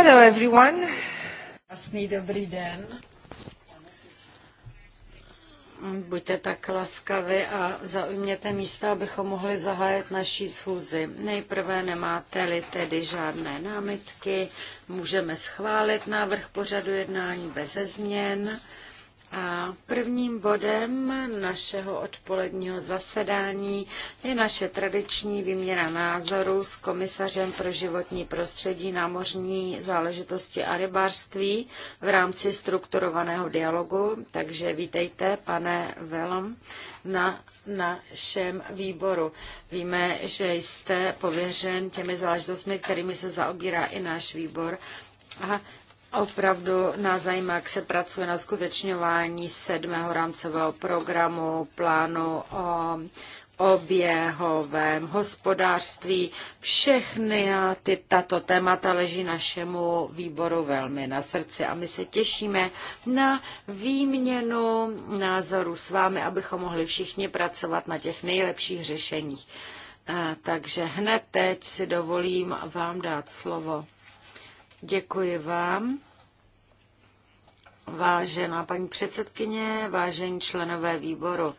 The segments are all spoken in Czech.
Hello everyone. Jasný dobrý den. Buďte tak laskavi a zaujměte místa, abychom mohli zahájet naší schůzi. Nejprve nemáte-li tedy žádné námitky, můžeme schválit návrh pořadu jednání bez změn. A prvním bodem našeho odpoledního zasedání je naše tradiční výměna názorů s komisařem pro životní prostředí, námořní záležitosti a rybářství v rámci strukturovaného dialogu. Takže vítejte, pane Velom, na našem výboru. Víme, že jste pověřen těmi záležitostmi, kterými se zaobírá i náš výbor. A Opravdu nás zajímá, jak se pracuje na skutečňování sedmého rámcového programu, plánu o oběhovém hospodářství. Všechny ty, tato témata leží našemu výboru velmi na srdci a my se těšíme na výměnu názorů s vámi, abychom mohli všichni pracovat na těch nejlepších řešeních. Eh, takže hned teď si dovolím vám dát slovo. Děkuji vám. Vážená paní předsedkyně, vážení členové výboru,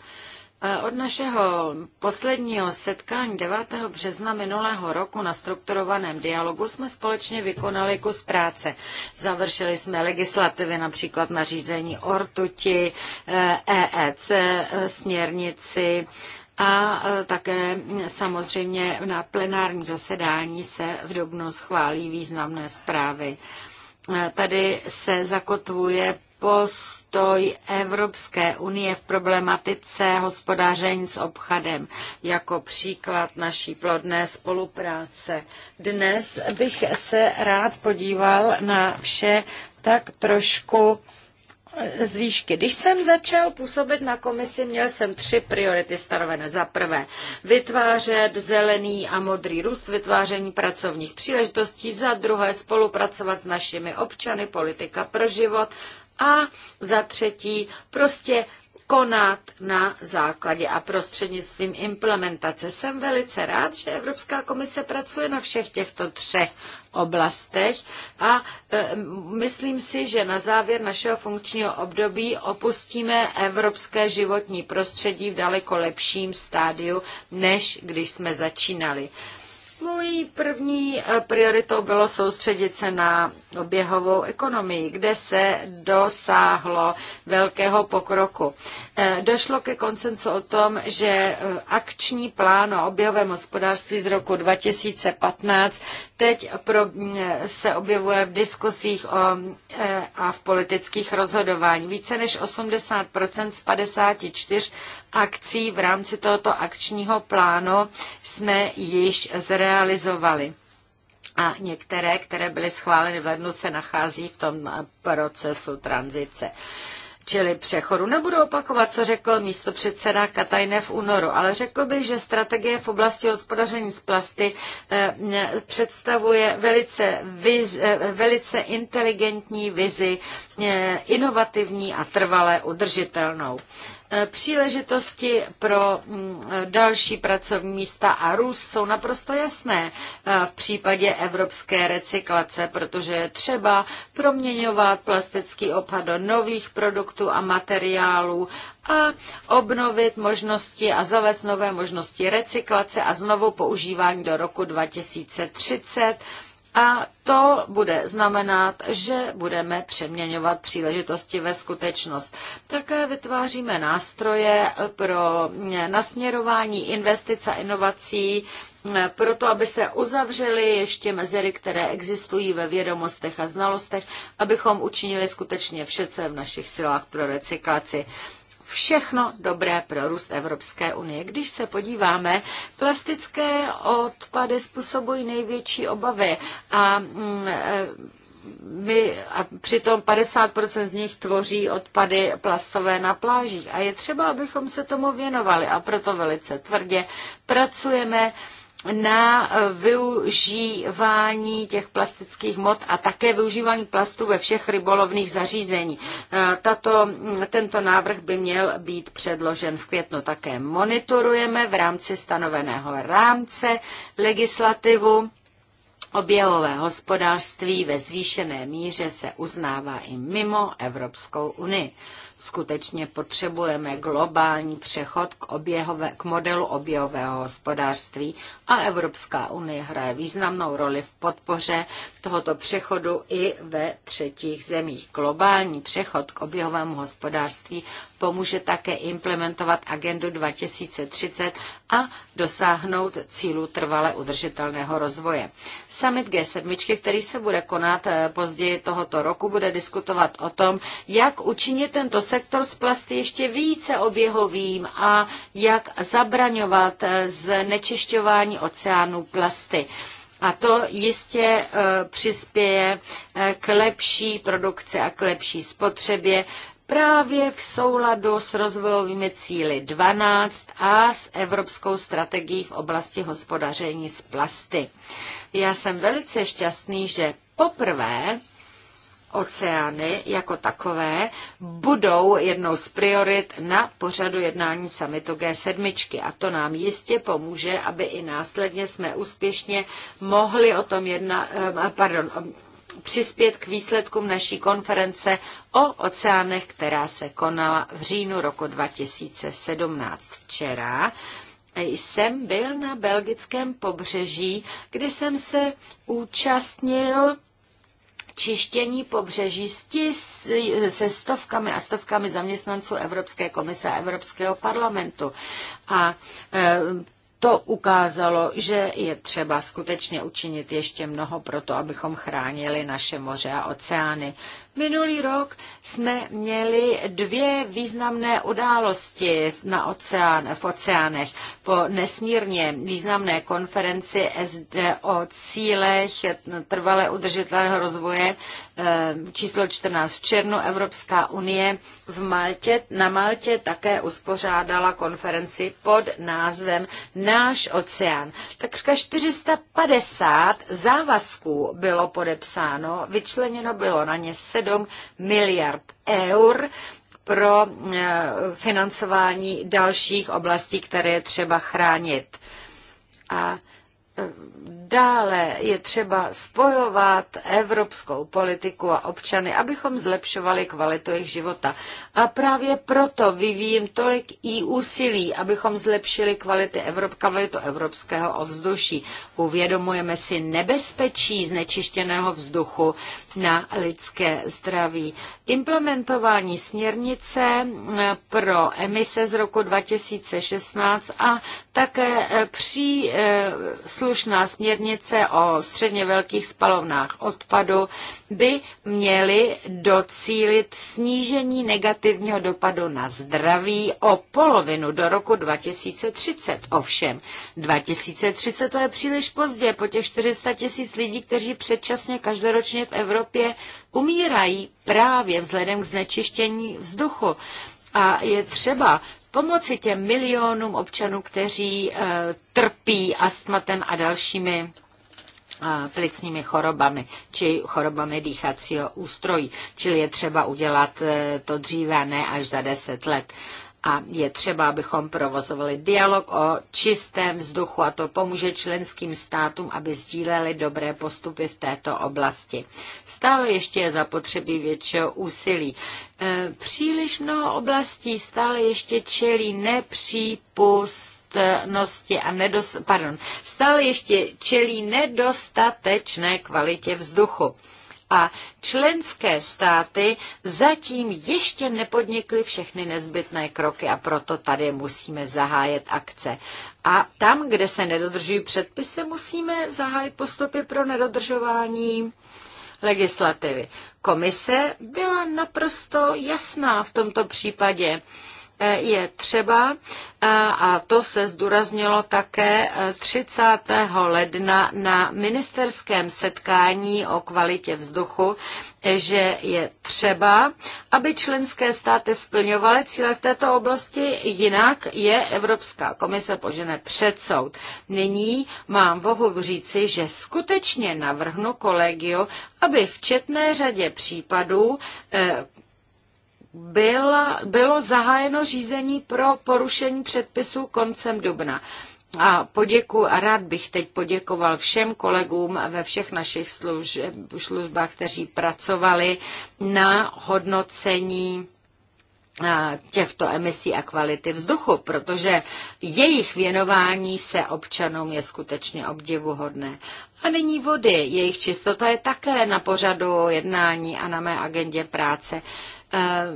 e, od našeho posledního setkání 9. března minulého roku na strukturovaném dialogu jsme společně vykonali kus práce. Završili jsme legislativy, například na řízení ortuti, EEC, e e, směrnici a e, také samozřejmě na plenárním zasedání se v Dubnu schválí významné zprávy. E, tady se zakotvuje postoj Evropské unie v problematice hospodaření s obchodem jako příklad naší plodné spolupráce. Dnes bych se rád podíval na vše tak trošku z výšky. Když jsem začal působit na komisi, měl jsem tři priority stanovené. Za prvé, vytvářet zelený a modrý růst, vytváření pracovních příležitostí. Za druhé, spolupracovat s našimi občany, politika pro život. A za třetí, prostě konat na základě a prostřednictvím implementace. Jsem velice rád, že Evropská komise pracuje na všech těchto třech oblastech a e, myslím si, že na závěr našeho funkčního období opustíme evropské životní prostředí v daleko lepším stádiu, než když jsme začínali. Mojí první eh, prioritou bylo soustředit se na oběhovou ekonomii, kde se dosáhlo velkého pokroku. Eh, došlo ke koncensu o tom, že eh, akční plán o oběhovém hospodářství z roku 2015 teď pro, se objevuje v diskusích o, e, a v politických rozhodování. Více než 80% z 54 akcí v rámci tohoto akčního plánu jsme již zrealizovali. A některé, které byly schváleny v lednu, se nachází v tom procesu tranzice. Uh, čili přechodu. Nebudu opakovat, co řekl místo předseda Katajne v únoru, ale řekl bych, že strategie v oblasti hospodaření z plasty eh, představuje velice, viz, eh, velice inteligentní vizi, eh, inovativní a trvale udržitelnou. Eh, příležitosti pro mm, další pracovní místa a růst jsou naprosto jasné eh, v případě evropské recyklace, protože je třeba proměňovat plastický obsah do nových produktů a materiálů a obnovit možnosti a zavést nové možnosti recyklace a znovu používání do roku 2030 a to bude znamenat, že budeme přeměňovat příležitosti ve skutečnost. Také vytváříme nástroje pro nasměrování investic a inovací eh, proto, aby se uzavřely ještě mezery, které existují ve vědomostech a znalostech, abychom učinili skutečně vše, co je v našich silách pro recyklaci všechno dobré pro růst Evropské unie. Když se podíváme, plastické odpady způsobují největší obavy a mm, e, my, a přitom 50% z nich tvoří odpady plastové na plážích. A je třeba, abychom se tomu věnovali a proto velice tvrdě pracujeme na využívání těch plastických mod a také využívání plastu ve všech rybolovných zařízení. E, tato, tento návrh by měl být předložen v květnu. Také monitorujeme v rámci stanoveného rámce legislativu. Objevové hospodářství ve zvýšené míře se uznává i mimo Evropskou unii skutečně potřebujeme globální přechod k, oběhové, k modelu oběhového hospodářství a Evropská unie hraje významnou roli v podpoře tohoto přechodu i ve třetích zemích. Globální přechod k oběhovému hospodářství pomůže také implementovat agendu 2030 a dosáhnout cílu trvale udržitelného rozvoje. Summit G7, který se bude konat eh, později tohoto roku, bude diskutovat o tom, jak učinit tento sektor z plasty ještě více oběhovým a jak zabraňovat eh, znečišťování oceánů plasty. A to jistě eh, přispěje eh, k lepší produkci a k lepší spotřebě právě v souladu s rozvojovými cíly 12 a s Evropskou strategií v oblasti hospodaření s plasty. Já jsem velice šťastný, že poprvé oceány jako takové budou jednou z priorit na pořadu jednání samitu G7. A to nám jistě pomůže, aby i následně jsme úspěšně mohli o tom jedna, eh, pardon, eh, přispět k výsledkům naší konference o oceánech, která se konala v říjnu roku 2017 včera. Jsem byl na belgickém pobřeží, kdy jsem se účastnil čištění pobřeží stis, se stovkami a stovkami zaměstnanců Evropské komise a Evropského parlamentu. A e, to ukázalo, že je třeba skutečně učinit ještě mnoho pro to, abychom chránili naše moře a oceány. Minulý rok jsme měli dvě významné události na oceán, v oceánech. Po nesmírně významné konferenci SD o cílech trvale udržitelného rozvoje eh, číslo 14 v černu Evropská unie v Maltě, na Maltě také uspořádala konferenci pod názvem Náš oceán. Takřka 450 závazků bylo podepsáno, vyčleněno bylo na ně 7 7 miliard eur pro eh, financování dalších oblastí, které je třeba chránit. A Dále je třeba spojovat evropskou politiku a občany, abychom zlepšovali kvalitu jejich života. A právě proto vyvíjím tolik i úsilí, abychom zlepšili kvality Evrop, kvalitu evropského ovzduší. Uvědomujeme si nebezpečí znečištěného vzduchu na lidské zdraví. Implementování směrnice eh, pro emise z roku 2016 a také eh, při eh, příslušná směrnice o středně velkých spalovnách odpadu by měly docílit snížení negativního dopadu na zdraví o polovinu do roku 2030. Ovšem, 2030 to je příliš pozdě po těch 400 tisíc lidí, kteří předčasně každoročně v Evropě umírají právě vzhledem k znečištění vzduchu. A je třeba pomoci těm milionům občanů, kteří eh, trpí astmatem a dalšími eh, plicními chorobami či chorobami dýchacího ústrojí. Čili je třeba udělat eh, to dříve, ne až za deset let a je třeba, abychom provozovali dialog o čistém vzduchu a to pomůže členským státům, aby sdíleli dobré postupy v této oblasti. Stále ještě je zapotřebí většího úsilí. E, příliš mnoho oblastí stále ještě čelí nepřípustnosti a nedos, pardon, stále ještě čelí nedostatečné kvalitě vzduchu a členské státy zatím ještě nepodnikly všechny nezbytné kroky a proto tady musíme zahájet akce. A tam, kde se nedodržují předpisy, musíme zahájit postupy pro nedodržování legislativy. Komise byla naprosto jasná v tomto případě je třeba, a to se zdůraznilo také 30. E, ledna na ministerském setkání o kvalitě vzduchu, že je třeba, aby členské státy splňovaly cíle v této oblasti, jinak je Evropská komise požene před soud. Nyní mám vohu říci, že skutečně navrhnu kolegiu, aby v četné řadě případů e, byl, bylo zahájeno řízení pro porušení předpisů koncem dubna. A poděku a rád bych teď poděkoval všem kolegům ve všech našich služb, službách, kteří pracovali na hodnocení těchto emisí a kvality vzduchu, protože jejich věnování se občanům je skutečně obdivuhodné. A není vody, jejich čistota je také na pořadu jednání a na mé agendě práce. E,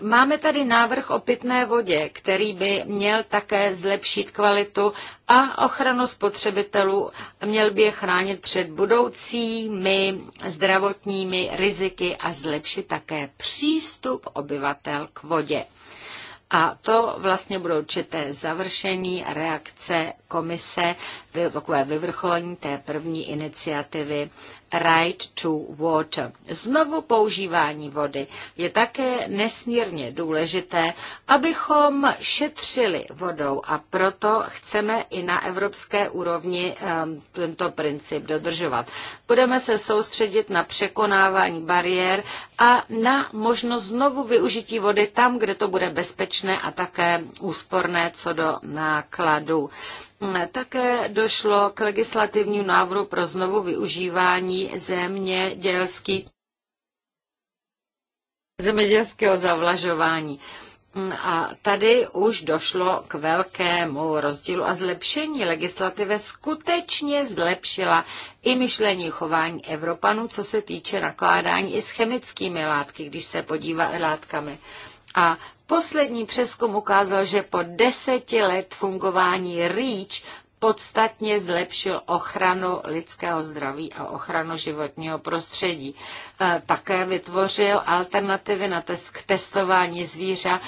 Máme tady návrh o pitné vodě, který by měl také zlepšit kvalitu a ochranu spotřebitelů měl by je chránit před budoucími zdravotními riziky a zlepšit také přístup obyvatel k vodě. A to vlastně budou určité završení reakce komise, takové vyvrcholení té první iniciativy right to water. Znovu používání vody je také nesmírně důležité, abychom šetřili vodou a proto chceme i na evropské úrovni ehm, tento princip dodržovat. Budeme se soustředit na překonávání bariér a na možnost znovu využití vody tam, kde to bude bezpečné a také úsporné co do nákladů. Také došlo k legislativnímu návrhu pro znovu využívání země dělský, zemědělského zavlažování. A tady už došlo k velkému rozdílu a zlepšení legislativy skutečně zlepšila i myšlení chování Evropanů, co se týče nakládání i s chemickými látky, když se podívá látkami. A Poslední přeskum ukázal, že po deseti let fungování REACH podstatně zlepšil ochranu lidského zdraví a ochranu životního prostředí. E, také vytvořil alternativy na test, k testování zvířat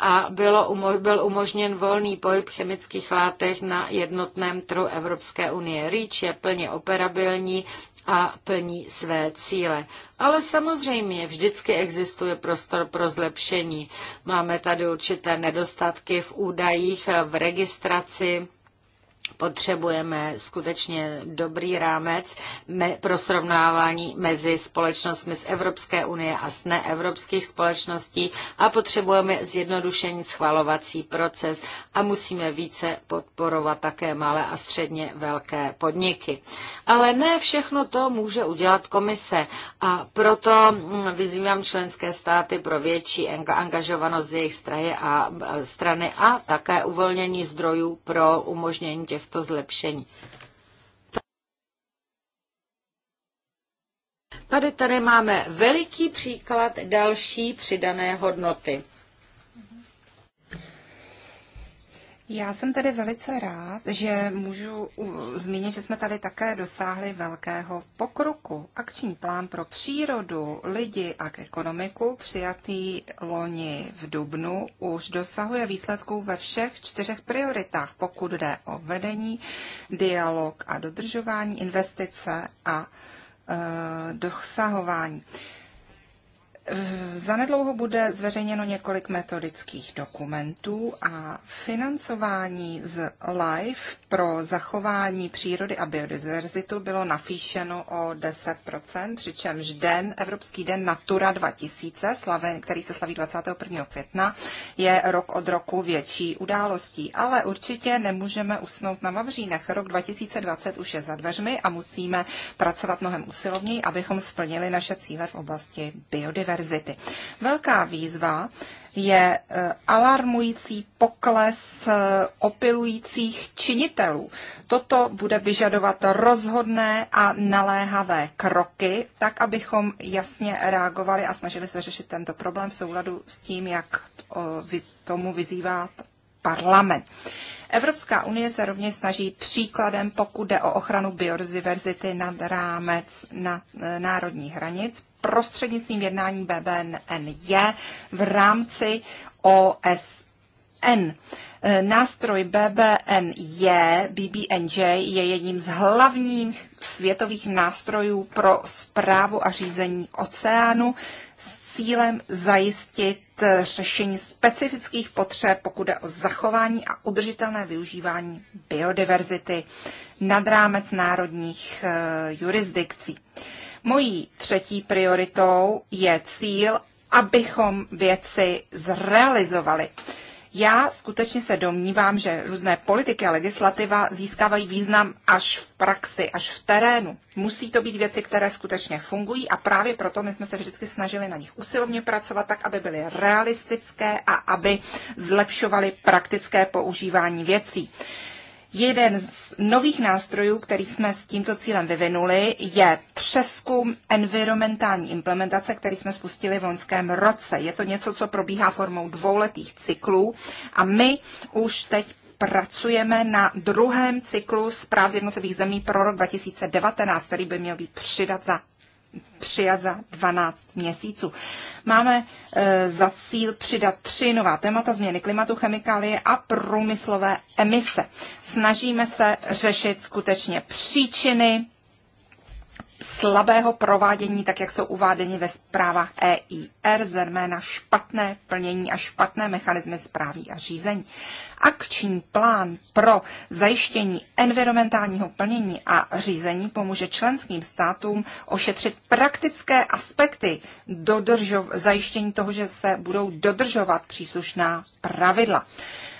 a bylo byl umožněn volný pohyb chemických látek na jednotném trhu Evropské unie. REACH je plně operabilní a plní své cíle. Ale samozřejmě vždycky existuje prostor pro zlepšení. Máme tady určité nedostatky v údajích, v registraci potřebujeme skutečně dobrý rámec pro srovnávání mezi společnostmi z Evropské unie a z neevropských společností a potřebujeme zjednodušení schvalovací proces a musíme více podporovat také malé a středně velké podniky. Ale ne všechno to může udělat komise a proto mm, vyzývám členské státy pro větší angažovanost z jejich strany a, e, strany a také uvolnění zdrojů pro umožnění těch těchto zlepšení. Tady tady máme veliký příklad další přidané hodnoty. Já jsem tady velice rád, že můžu zmínit, že jsme tady také dosáhli velkého pokroku. Akční plán pro přírodu, lidi a k ekonomiku, přijatý loni v Dubnu, už dosahuje výsledků ve všech čtyřech prioritách, pokud jde o vedení, dialog a dodržování investice a e, dosahování. Zanedlouho bude zveřejněno několik metodických dokumentů a financování z LIFE pro zachování přírody a biodiverzitu bylo nafíšeno o 10%, přičemž den, Evropský den Natura 2000, slaven, který se slaví 21. května, je rok od roku větší událostí. Ale určitě nemůžeme usnout na Mavřínech. Rok 2020 už je za dveřmi a musíme pracovat mnohem usilovněji, abychom splnili naše cíle v oblasti biodiverzity univerzity. Velká výzva je e, alarmující pokles e, opilujících činitelů. Toto bude vyžadovat rozhodné a naléhavé kroky, tak abychom jasně reagovali a snažili se řešit tento problém v souladu s tím, jak tomu vyzývá parlament. Evropská unie se rovněž snaží příkladem, pokud jde o ochranu biodiverzity nad rámec na e, národních hranic, prostřednictvím jednání BBNJ v rámci OSN. Nástroj BBNJ, BBNJ je jedním z hlavních světových nástrojů pro zprávu a řízení oceánu s cílem zajistit řešení specifických potřeb, pokud je o zachování a udržitelné využívání biodiverzity nad rámec národních eh, jurisdikcí. Mojí třetí prioritou je cíl, abychom věci zrealizovali. Já skutečně se domnívám, že různé politiky a legislativa získávají význam až v praxi, až v terénu. Musí to být věci, které skutečně fungují a právě proto my jsme se vždycky snažili na nich usilovně pracovat tak, aby byly realistické a aby zlepšovaly praktické používání věcí. Jeden z nových nástrojů, který jsme s tímto cílem vyvinuli, je přeskum environmentální implementace, který jsme spustili v loňském roce. Je to něco, co probíhá formou dvouletých cyklů a my už teď pracujeme na druhém cyklu zpráv z jednotlivých zemí pro rok 2019, který by měl být přidat za přijat za 12 měsíců. Máme e, za cíl přidat tři nová témata změny klimatu, chemikálie a průmyslové emise. Snažíme se řešit skutečně příčiny slabého provádění, tak jak jsou uváděni ve zprávách EIR, zejména špatné plnění a špatné mechanismy zprávy a řízení akční plán pro zajištění environmentálního plnění a řízení pomůže členským státům ošetřit praktické aspekty dodržov, zajištění toho, že se budou dodržovat příslušná pravidla.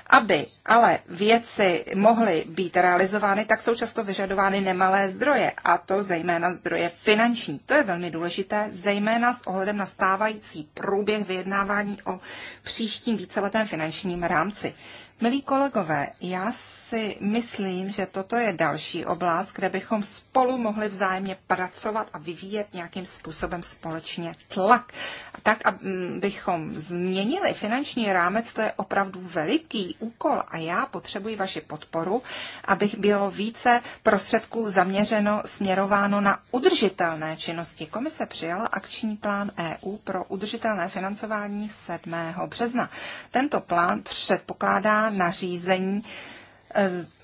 Aby ale věci mohly být realizovány, tak jsou často vyžadovány nemalé zdroje, a to zejména zdroje finanční. To je velmi důležité, zejména s ohledem na stávající průběh vyjednávání o příštím víceletém finančním rámci. Milí kolegové, já si myslím, že toto je další oblast, kde bychom spolu mohli vzájemně pracovat a vyvíjet nějakým způsobem společně tlak. A tak, abychom změnili finanční rámec, to je opravdu veliký úkol a já potřebuji vaši podporu, abych bylo více prostředků zaměřeno, směrováno na udržitelné činnosti. Komise přijala akční plán EU pro udržitelné financování 7. března. Tento plán předpokládá nařízení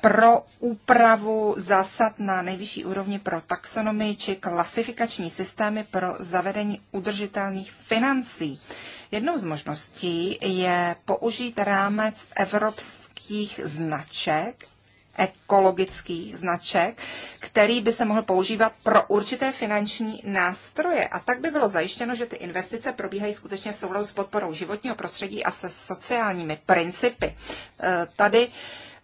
pro úpravu zásad na nejvyšší úrovni pro taxonomii či klasifikační systémy pro zavedení udržitelných financí. Jednou z možností je použít rámec evropských značek ekologických značek, který by se mohl používat pro určité finanční nástroje. A tak by bylo zajištěno, že ty investice probíhají skutečně v souladu s podporou životního prostředí a se sociálními principy. E, tady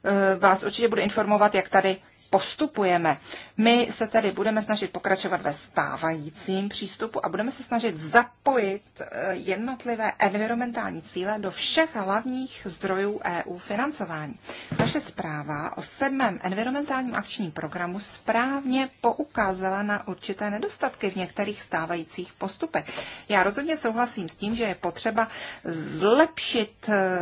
Eh, vás určitě budu informovat, jak tady postupujeme. My se tedy budeme snažit pokračovat ve stávajícím přístupu a budeme se snažit zapojit eh, jednotlivé environmentální cíle do všech hlavních zdrojů EU financování. Naše zpráva o sedmém environmentálním akčním programu správně poukázala na určité nedostatky v některých stávajících postupech. Já rozhodně souhlasím s tím, že je potřeba zlepšit eh,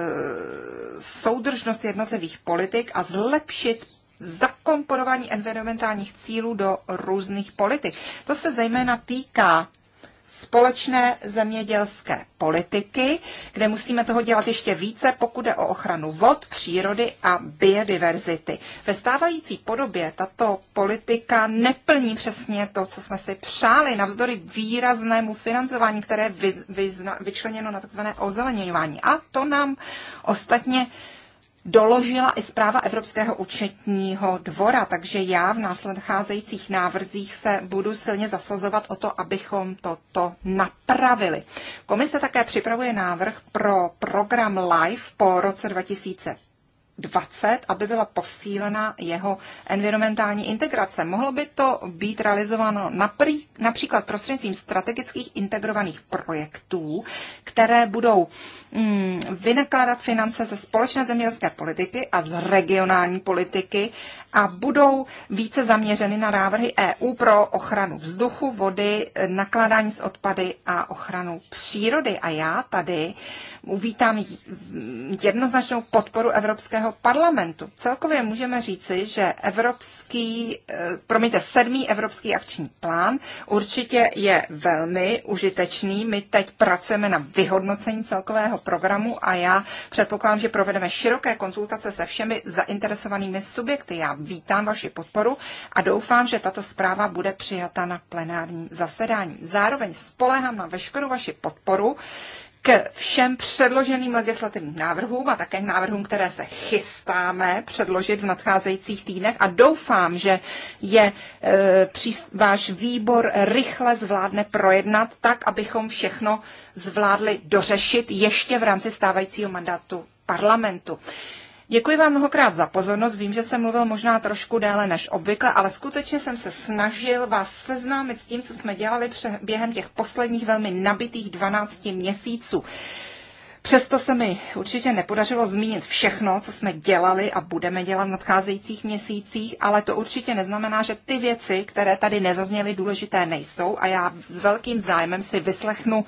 soudržnost jednotlivých politik a zlepšit zakomponování environmentálních cílů do různých politik. To se zejména týká společné zemědělské politiky, kde musíme toho dělat ještě více, pokud jde o ochranu vod, přírody a biodiverzity. Ve stávající podobě tato politika neplní přesně to, co jsme si přáli, navzdory výraznému financování, které je vyčleněno na tzv. ozeleněňování. A to nám ostatně doložila i zpráva Evropského účetního dvora, takže já v následcházejících návrzích se budu silně zasazovat o to, abychom toto napravili. Komise také připravuje návrh pro program LIFE po roce 2000. 20, aby byla posílena jeho environmentální integrace. Mohlo by to být realizováno naprý, například prostřednictvím strategických integrovaných projektů, které budou mm, vynakládat finance ze společné zemědělské politiky a z regionální politiky a budou více zaměřeny na návrhy EU pro ochranu vzduchu, vody, nakládání s odpady a ochranu přírody. A já tady uvítám jednoznačnou podporu Evropského Evropského parlamentu. Celkově můžeme říci, že evropský, eh, promiňte, sedmý evropský akční plán určitě je velmi užitečný. My teď pracujeme na vyhodnocení celkového programu a já předpokládám, že provedeme široké konzultace se všemi zainteresovanými subjekty. Já vítám vaši podporu a doufám, že tato zpráva bude přijata na plenárním zasedání. Zároveň spolehám na veškerou vaši podporu k všem předloženým legislativním návrhům a také k návrhům, které se chystáme předložit v nadcházejících týdnech a doufám, že je e, váš výbor rychle zvládne projednat tak, abychom všechno zvládli dořešit ještě v rámci stávajícího mandátu parlamentu. E, Děkuji vám mnohokrát za pozornost. Vím, že jsem mluvil možná trošku déle než obvykle, ale skutečně jsem se snažil vás seznámit s tím, co jsme dělali během těch posledních velmi nabitých 12 měsíců. Přesto se mi určitě nepodařilo zmínit všechno, co jsme dělali a budeme dělat v nadcházejících měsících, ale to určitě neznamená, že ty věci, které tady nezazněly, důležité nejsou a já s velkým zájmem si vyslechnu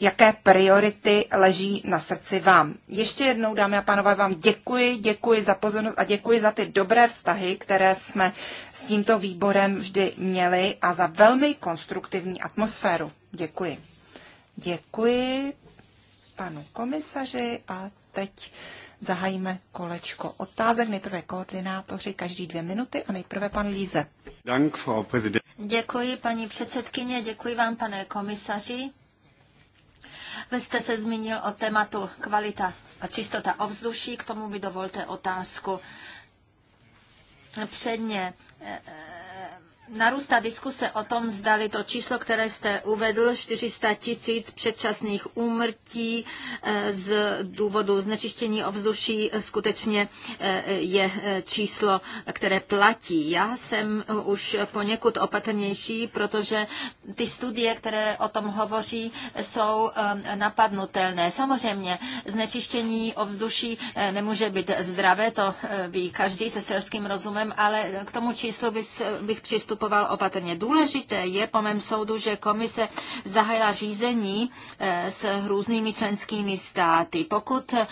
jaké priority leží na srdci vám. Ještě jednou, dámy a pánové, vám děkuji, děkuji za pozornost a děkuji za ty dobré vztahy, které jsme s tímto výborem vždy měli a za velmi konstruktivní atmosféru. Děkuji. Děkuji panu komisaři a teď zahajíme kolečko otázek. Nejprve koordinátoři každý dvě minuty a nejprve pan Líze. Děkuji, paní předsedkyně, děkuji vám, pane komisaři. Vy jste se zmínil o tématu kvalita a čistota ovzduší, k tomu mi dovolte otázku. Předně eh, narůstá diskuse o tom, zdali to číslo, které jste uvedl, 400 tisíc předčasných úmrtí eh, z důvodu znečištění ovzduší, eh, skutečně eh, je číslo, které platí. Já jsem už poněkud opatrnější, protože ty studie, které o tom hovoří, jsou napadnutelné. Samozřejmě znečištění ovzduší nemůže být zdravé, to ví každý se selským rozumem, ale k tomu číslu bych přistupoval postupoval opatrně. Důležité je po mém soudu, že komise zahájila řízení eh, s různými členskými státy. Pokud eh,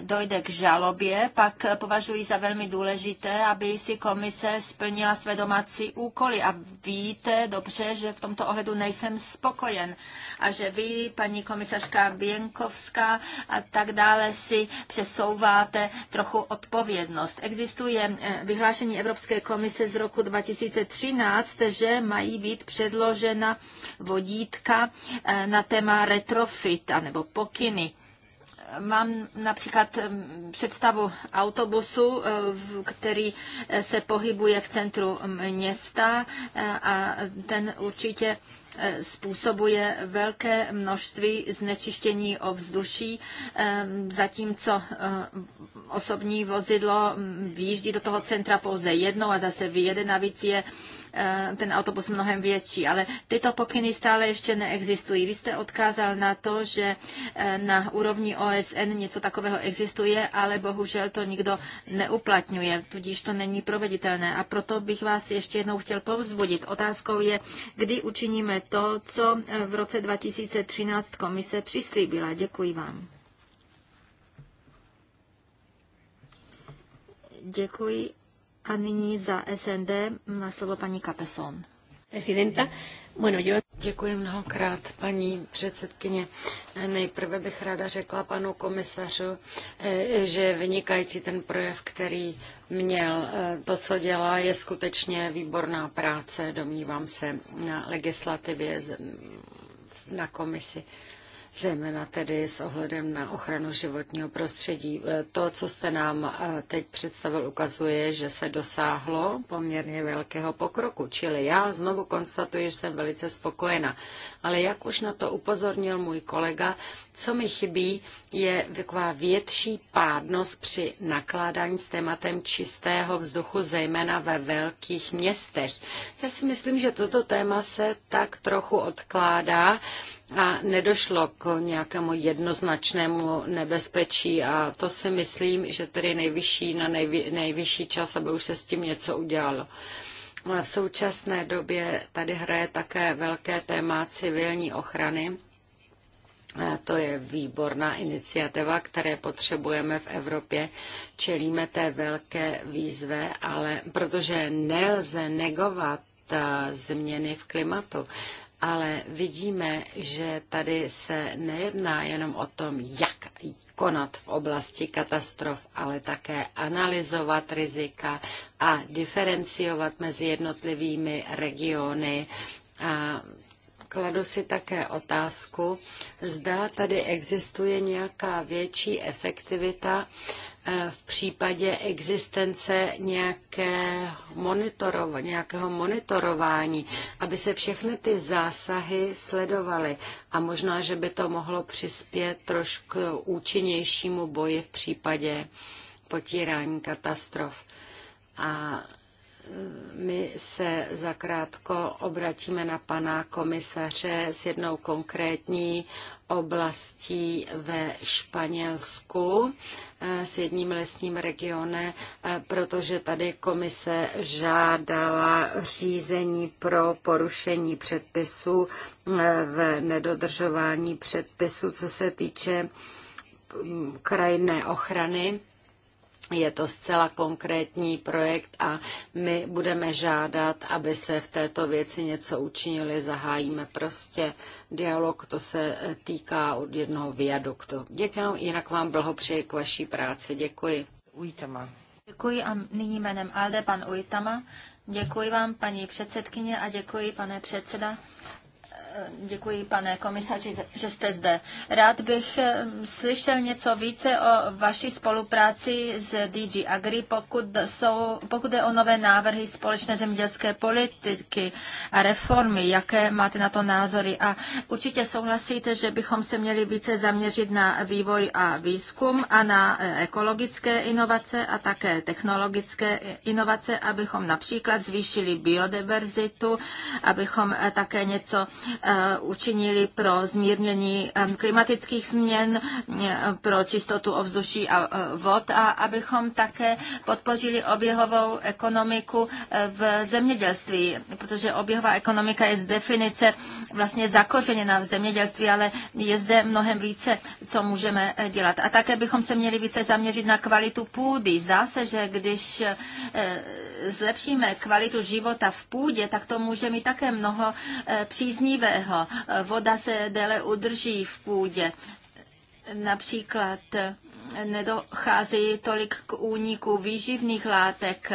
dojde k žalobě, pak považuji za velmi důležité, aby si komise splnila své domácí úkoly. A víte dobře, že v tomto ohledu nejsem spokojen a že vy, paní komisařka Běnkovská a tak dále, si přesouváte trochu odpovědnost. Existuje eh, vyhlášení Evropské komise z roku 2013, 13, že mají být předložena vodítka eh, na téma retrofit anebo pokyny mám například mm, představu autobusu, eh, který eh, se pohybuje v centru mm, města a ten určitě Eh, způsobuje velké množství znečištění ovzduší, eh, zatímco eh, osobní vozidlo mm, výjíždí do toho centra pouze jednou a zase vyjede, navíc je ten autobus mnohem větší, ale tyto pokyny stále ještě neexistují. Vy jste odkázal na to, že na úrovni OSN něco takového existuje, ale bohužel to nikdo neuplatňuje, tudíž to není proveditelné. A proto bych vás ještě jednou chtěl povzbudit. Otázkou je, kdy učiníme to, co eh, v roce 2013 komise přislíbila. Děkuji vám. Děkuji. A nyní za SND má slovo paní Kapeson. Bueno, yo... Děkuji mnohokrát, paní předsedkyně. Nejprve bych ráda řekla panu komisařu, eh, že je vynikající ten projev, který měl. Eh, to, co dělá, je skutečně výborná práce, domnívám se, na legislativě na komisi zejména tedy s ohledem na ochranu životního prostředí. E, to, co jste nám e, teď představil, ukazuje, že se dosáhlo poměrně velkého pokroku. Čili já znovu konstatuji, že jsem velice spokojena. Ale jak už na to upozornil můj kolega, co mi chybí, je taková větší pádnost při nakládání s tématem čistého vzduchu, zejména ve velkých městech. Já si myslím, že toto téma se tak trochu odkládá a nedošlo k nějakému jednoznačnému nebezpečí a to si myslím, že tedy nejvyšší na nejvy, nejvyšší čas, aby už se s tím něco udělalo. A v současné době tady hraje také velké téma civilní ochrany. A to je výborná iniciativa, které potřebujeme v Evropě. Čelíme té velké výzve, ale protože nelze negovat změny v klimatu ale vidíme, že tady se nejedná jenom o tom, jak konat v oblasti katastrof, ale také analyzovat rizika a diferenciovat mezi jednotlivými regiony a Kladu si také otázku, zda tady existuje nějaká větší efektivita eh, v případě existence nějaké monitorov, nějakého monitorování, aby se všechny ty zásahy sledovaly a možná, že by to mohlo přispět trošku účinnějšímu boji v případě potírání katastrof. A my se zakrátko obratíme na pana komisaře s jednou konkrétní oblastí ve Španělsku eh, s jedním lesním regionem, eh, protože tady komise žádala řízení pro porušení předpisů eh, v nedodržování předpisů, co se týče mm, krajinné ochrany je to zcela konkrétní projekt a my budeme žádat, aby se v této věci něco učinili. Zahájíme prostě dialog, to se týká od jednoho viaduktu. Děkuji, no, jinak vám blahopřeji k vaší práci. Děkuji. Ujtama. Děkuji a nyní jménem Alde pan Ujtama. Děkuji vám, paní předsedkyně, a děkuji, pane předseda. Děkuji, pane komisaři, že jste zde. Rád bych eh, slyšel něco více o vaší spolupráci s DG Agri, pokud, jsou, pokud je o nové návrhy společné zemědělské politiky a reformy. Jaké máte na to názory? A určitě souhlasíte, že bychom se měli více zaměřit na vývoj a výzkum a na eh, ekologické inovace a také technologické inovace, abychom například zvýšili biodiverzitu, abychom eh, také něco Eh, učinili pro zmírnění eh, klimatických změn, eh, pro čistotu ovzduší a vod a abychom také podpořili oběhovou ekonomiku v zemědělství, protože oběhová ekonomika je z definice vlastně zakořeněna v zemědělství, ale je zde mnohem více, co můžeme dělat. A také bychom se měli více zaměřit na kvalitu půdy. Zdá se, že když zlepšíme kvalitu života v půdě, tak to může mít také mnoho eh, příznivého. Eh, voda se déle udrží v půdě. Například eh, nedochází tolik k úniku výživných látek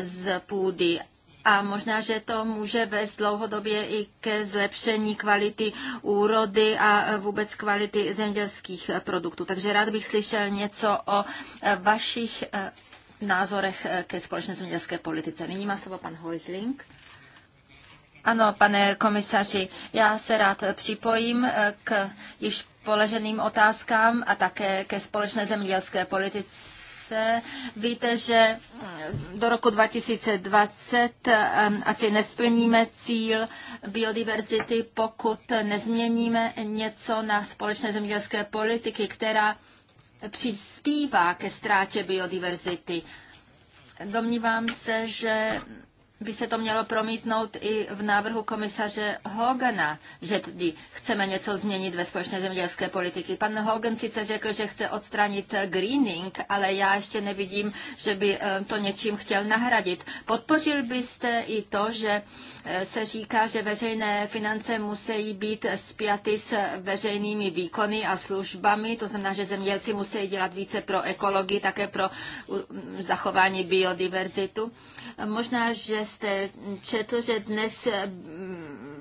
z půdy a možná, že to může vést dlouhodobě i ke zlepšení kvality úrody a vůbec kvality zemědělských produktů. Takže rád bych slyšel něco o vašich názorech eh, ke společné zemědělské politice. Nyní má slovo pan Hoisling. Ano, pane komisaři, já se rád připojím eh, k již položeným otázkám a také ke společné zemědělské politice. Víte, že eh, do roku 2020 asi nesplníme cíl biodiverzity, pokud nezměníme něco na společné zemědělské politiky, která přispívá ke ztrátě biodiverzity. Domnívám se, že by se to mělo promítnout i v návrhu komisaře Hogana, že tedy chceme něco změnit ve společné zemědělské politiky. Pan Hogan sice řekl, že chce odstranit greening, ale já ještě nevidím, že by eh, to něčím chtěl nahradit. Podpořil byste i to, že eh, se říká, že veřejné finance musí být spjaty s veřejnými výkony a službami, to znamená, že zemědělci musí dělat více pro ekologii, také pro zachování biodiverzitu. Možná, že jste četl, že dnes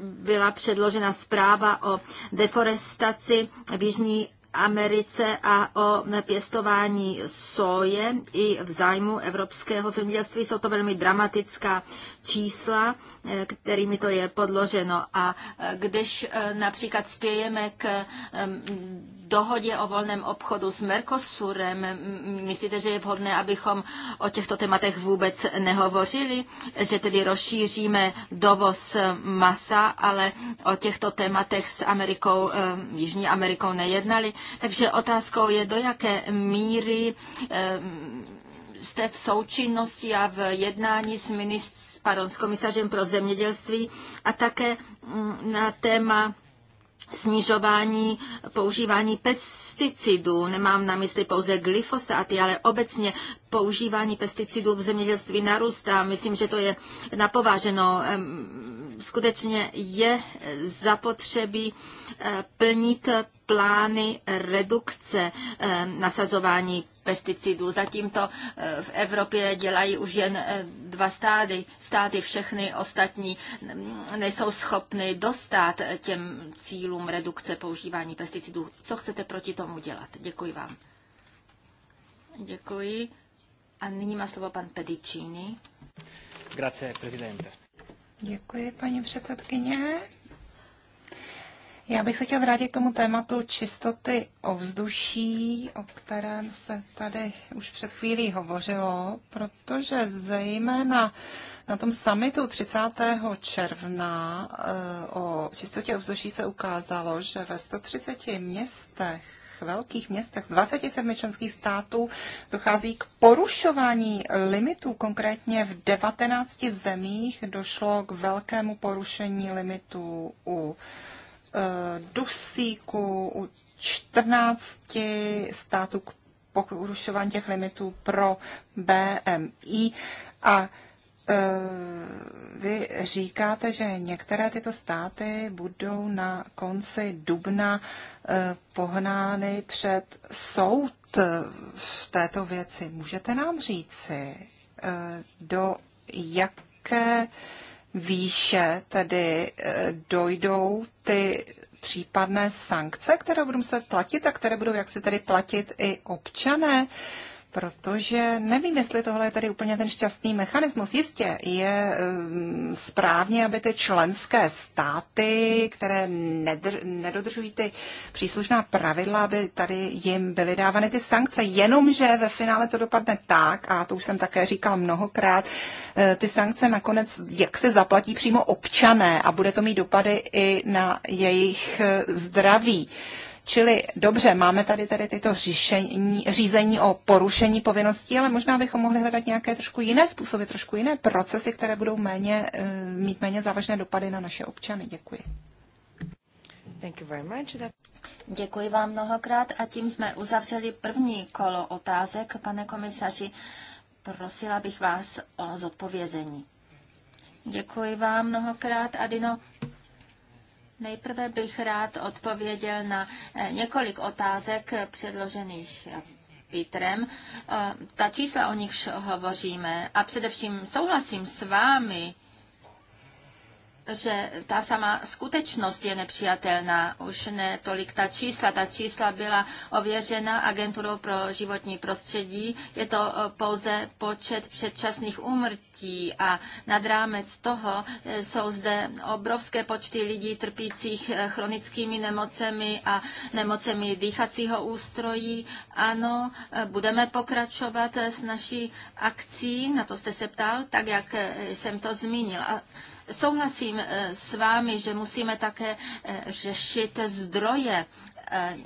byla předložena zpráva o deforestaci v Jižní Americe a o pěstování soje i v zájmu evropského zemědělství. Jsou to velmi dramatická čísla, eh, kterými to je podloženo. A eh, když eh, například spějeme k dohodě o volném obchodu s Mercosurem, myslíte, že je vhodné, abychom o těchto tématech vůbec nehovořili, že tedy rozšíříme dovoz masa, ale o těchto tématech s Amerikou, Jižní Amerikou nejednali? Takže otázkou je, do jaké míry jste v součinnosti a v jednání s ministrem pardon, s komisařem pro zemědělství a také mm, na téma snižování používání pesticidů. Nemám na mysli pouze glyfosáty, ale obecně používání pesticidů v zemědělství narůstá. Myslím, že to je napováženo. Skutečně je zapotřebí eh, plnit plány redukce eh, nasazování pesticidů. Zatímto eh, v Evropě dělají už jen eh, dva stády. Státy všechny ostatní mm, nejsou schopny dostat eh, těm cílům redukce používání pesticidů. Co chcete proti tomu dělat? Děkuji vám. Děkuji. A nyní má slovo pan Pedicini. Grazie, prezidente. Děkuji, paní předsedkyně. Já bych se chtěla vrátit k tomu tématu čistoty ovzduší, o kterém se tady už před chvílí hovořilo, protože zejména na tom samitu 30. června eh, o čistotě ovzduší se ukázalo, že ve 130 městech velkých městech z 27 členských států dochází k porušování limitů. Konkrétně v 19 zemích došlo k velkému porušení limitů u uh, Eh, dusíku, u 14 států k porušování těch limitů pro BMI a eh, vy říkáte, že některé tyto státy budou na konci dubna eh, pohnány před soud v této věci. Můžete nám říci, do jaké výše tedy eh, dojdou ty případné sankce, které budou muset platit a které budou jaksi tedy platit i občané protože nevím, jestli tohle je tady úplně ten šťastný mechanismus. Jistě je eh, správně, aby ty členské státy, které nedr- nedodržují ty příslušná pravidla, aby tady jim byly dávány ty sankce, jenomže ve finále to dopadne tak, a to už jsem také říkal mnohokrát, eh, ty sankce nakonec jak se zaplatí přímo občané a bude to mít dopady i na jejich eh, zdraví. Čili dobře, máme tady tady tyto říšení, řízení o porušení povinností, ale možná bychom mohli hledat nějaké trošku jiné způsoby, trošku jiné procesy, které budou méně, eh, mít méně závažné dopady na naše občany. Děkuji. Thank you very much. That... Děkuji vám mnohokrát a tím jsme uzavřeli první kolo otázek. Pane komisaři, prosila bych vás o zodpovězení. Děkuji vám mnohokrát, Adino. Nejprve bych rád odpověděl na eh, několik otázek předložených eh, Petrem. Eh, ta čísla, o nichž hovoříme, a především souhlasím s vámi, že ta sama skutečnost je nepřijatelná, už ne tolik ta čísla. Ta čísla byla ověřena agenturou pro životní prostředí. Je to eh, pouze počet předčasných úmrtí a nad rámec toho eh, jsou zde obrovské počty lidí trpících eh, chronickými nemocemi a nemocemi dýchacího ústrojí. Ano, budeme pokračovat s naší akcí, na to jste se ptal, tak jak jsem to zmínil. Souhlasím eh, s vámi, že musíme také eh, řešit zdroje eh,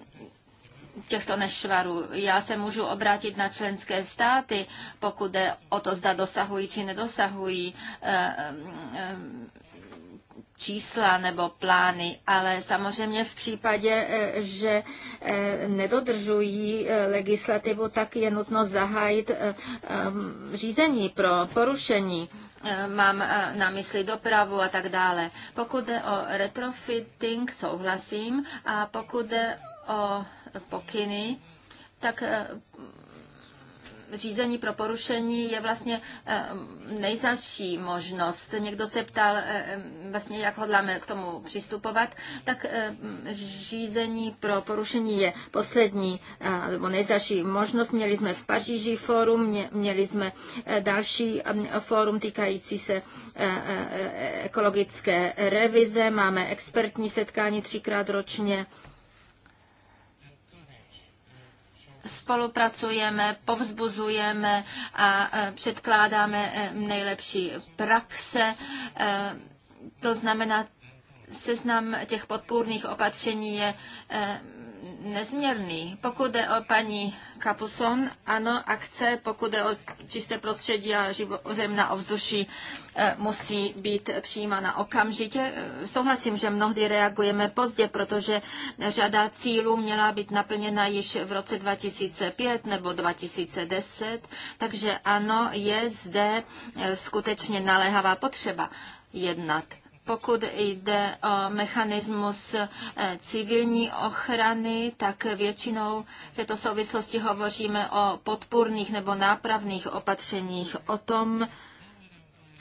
těchto nešvarů. Já se můžu obrátit na členské státy, pokud je o to, zda dosahují či nedosahují čísla nebo plány, ale samozřejmě v případě, že nedodržují legislativu, tak je nutno zahájit řízení pro porušení mám eh, na mysli dopravu a tak dále. Pokud jde o retrofitting, souhlasím, a pokud jde o pokyny, tak eh, řízení pro porušení je vlastně eh, nejzaší možnost. Někdo se ptal, eh, eh, vlastně jak hodláme k tomu přistupovat, tak řízení pro porušení je poslední nebo nejzaší možnost. Měli jsme v Paříži fórum, měli jsme další fórum týkající se ekologické revize, máme expertní setkání třikrát ročně. spolupracujeme, povzbuzujeme a e, předkládáme e, nejlepší praxe. E, to znamená, seznam těch podpůrných opatření je nezměrný. Pokud jde o paní Kapuson, ano, akce, pokud jde o čisté prostředí a živo, zem na ovzduší, eh, musí být přijímána okamžitě. Eh, souhlasím, že mnohdy reagujeme pozdě, protože řada cílů měla být naplněna již v roce 2005 nebo 2010, takže ano, je zde eh, skutečně naléhavá potřeba jednat. Pokud jde o mechanismus eh, civilní ochrany, tak většinou v této souvislosti hovoříme o podpůrných nebo nápravných opatřeních, o tom,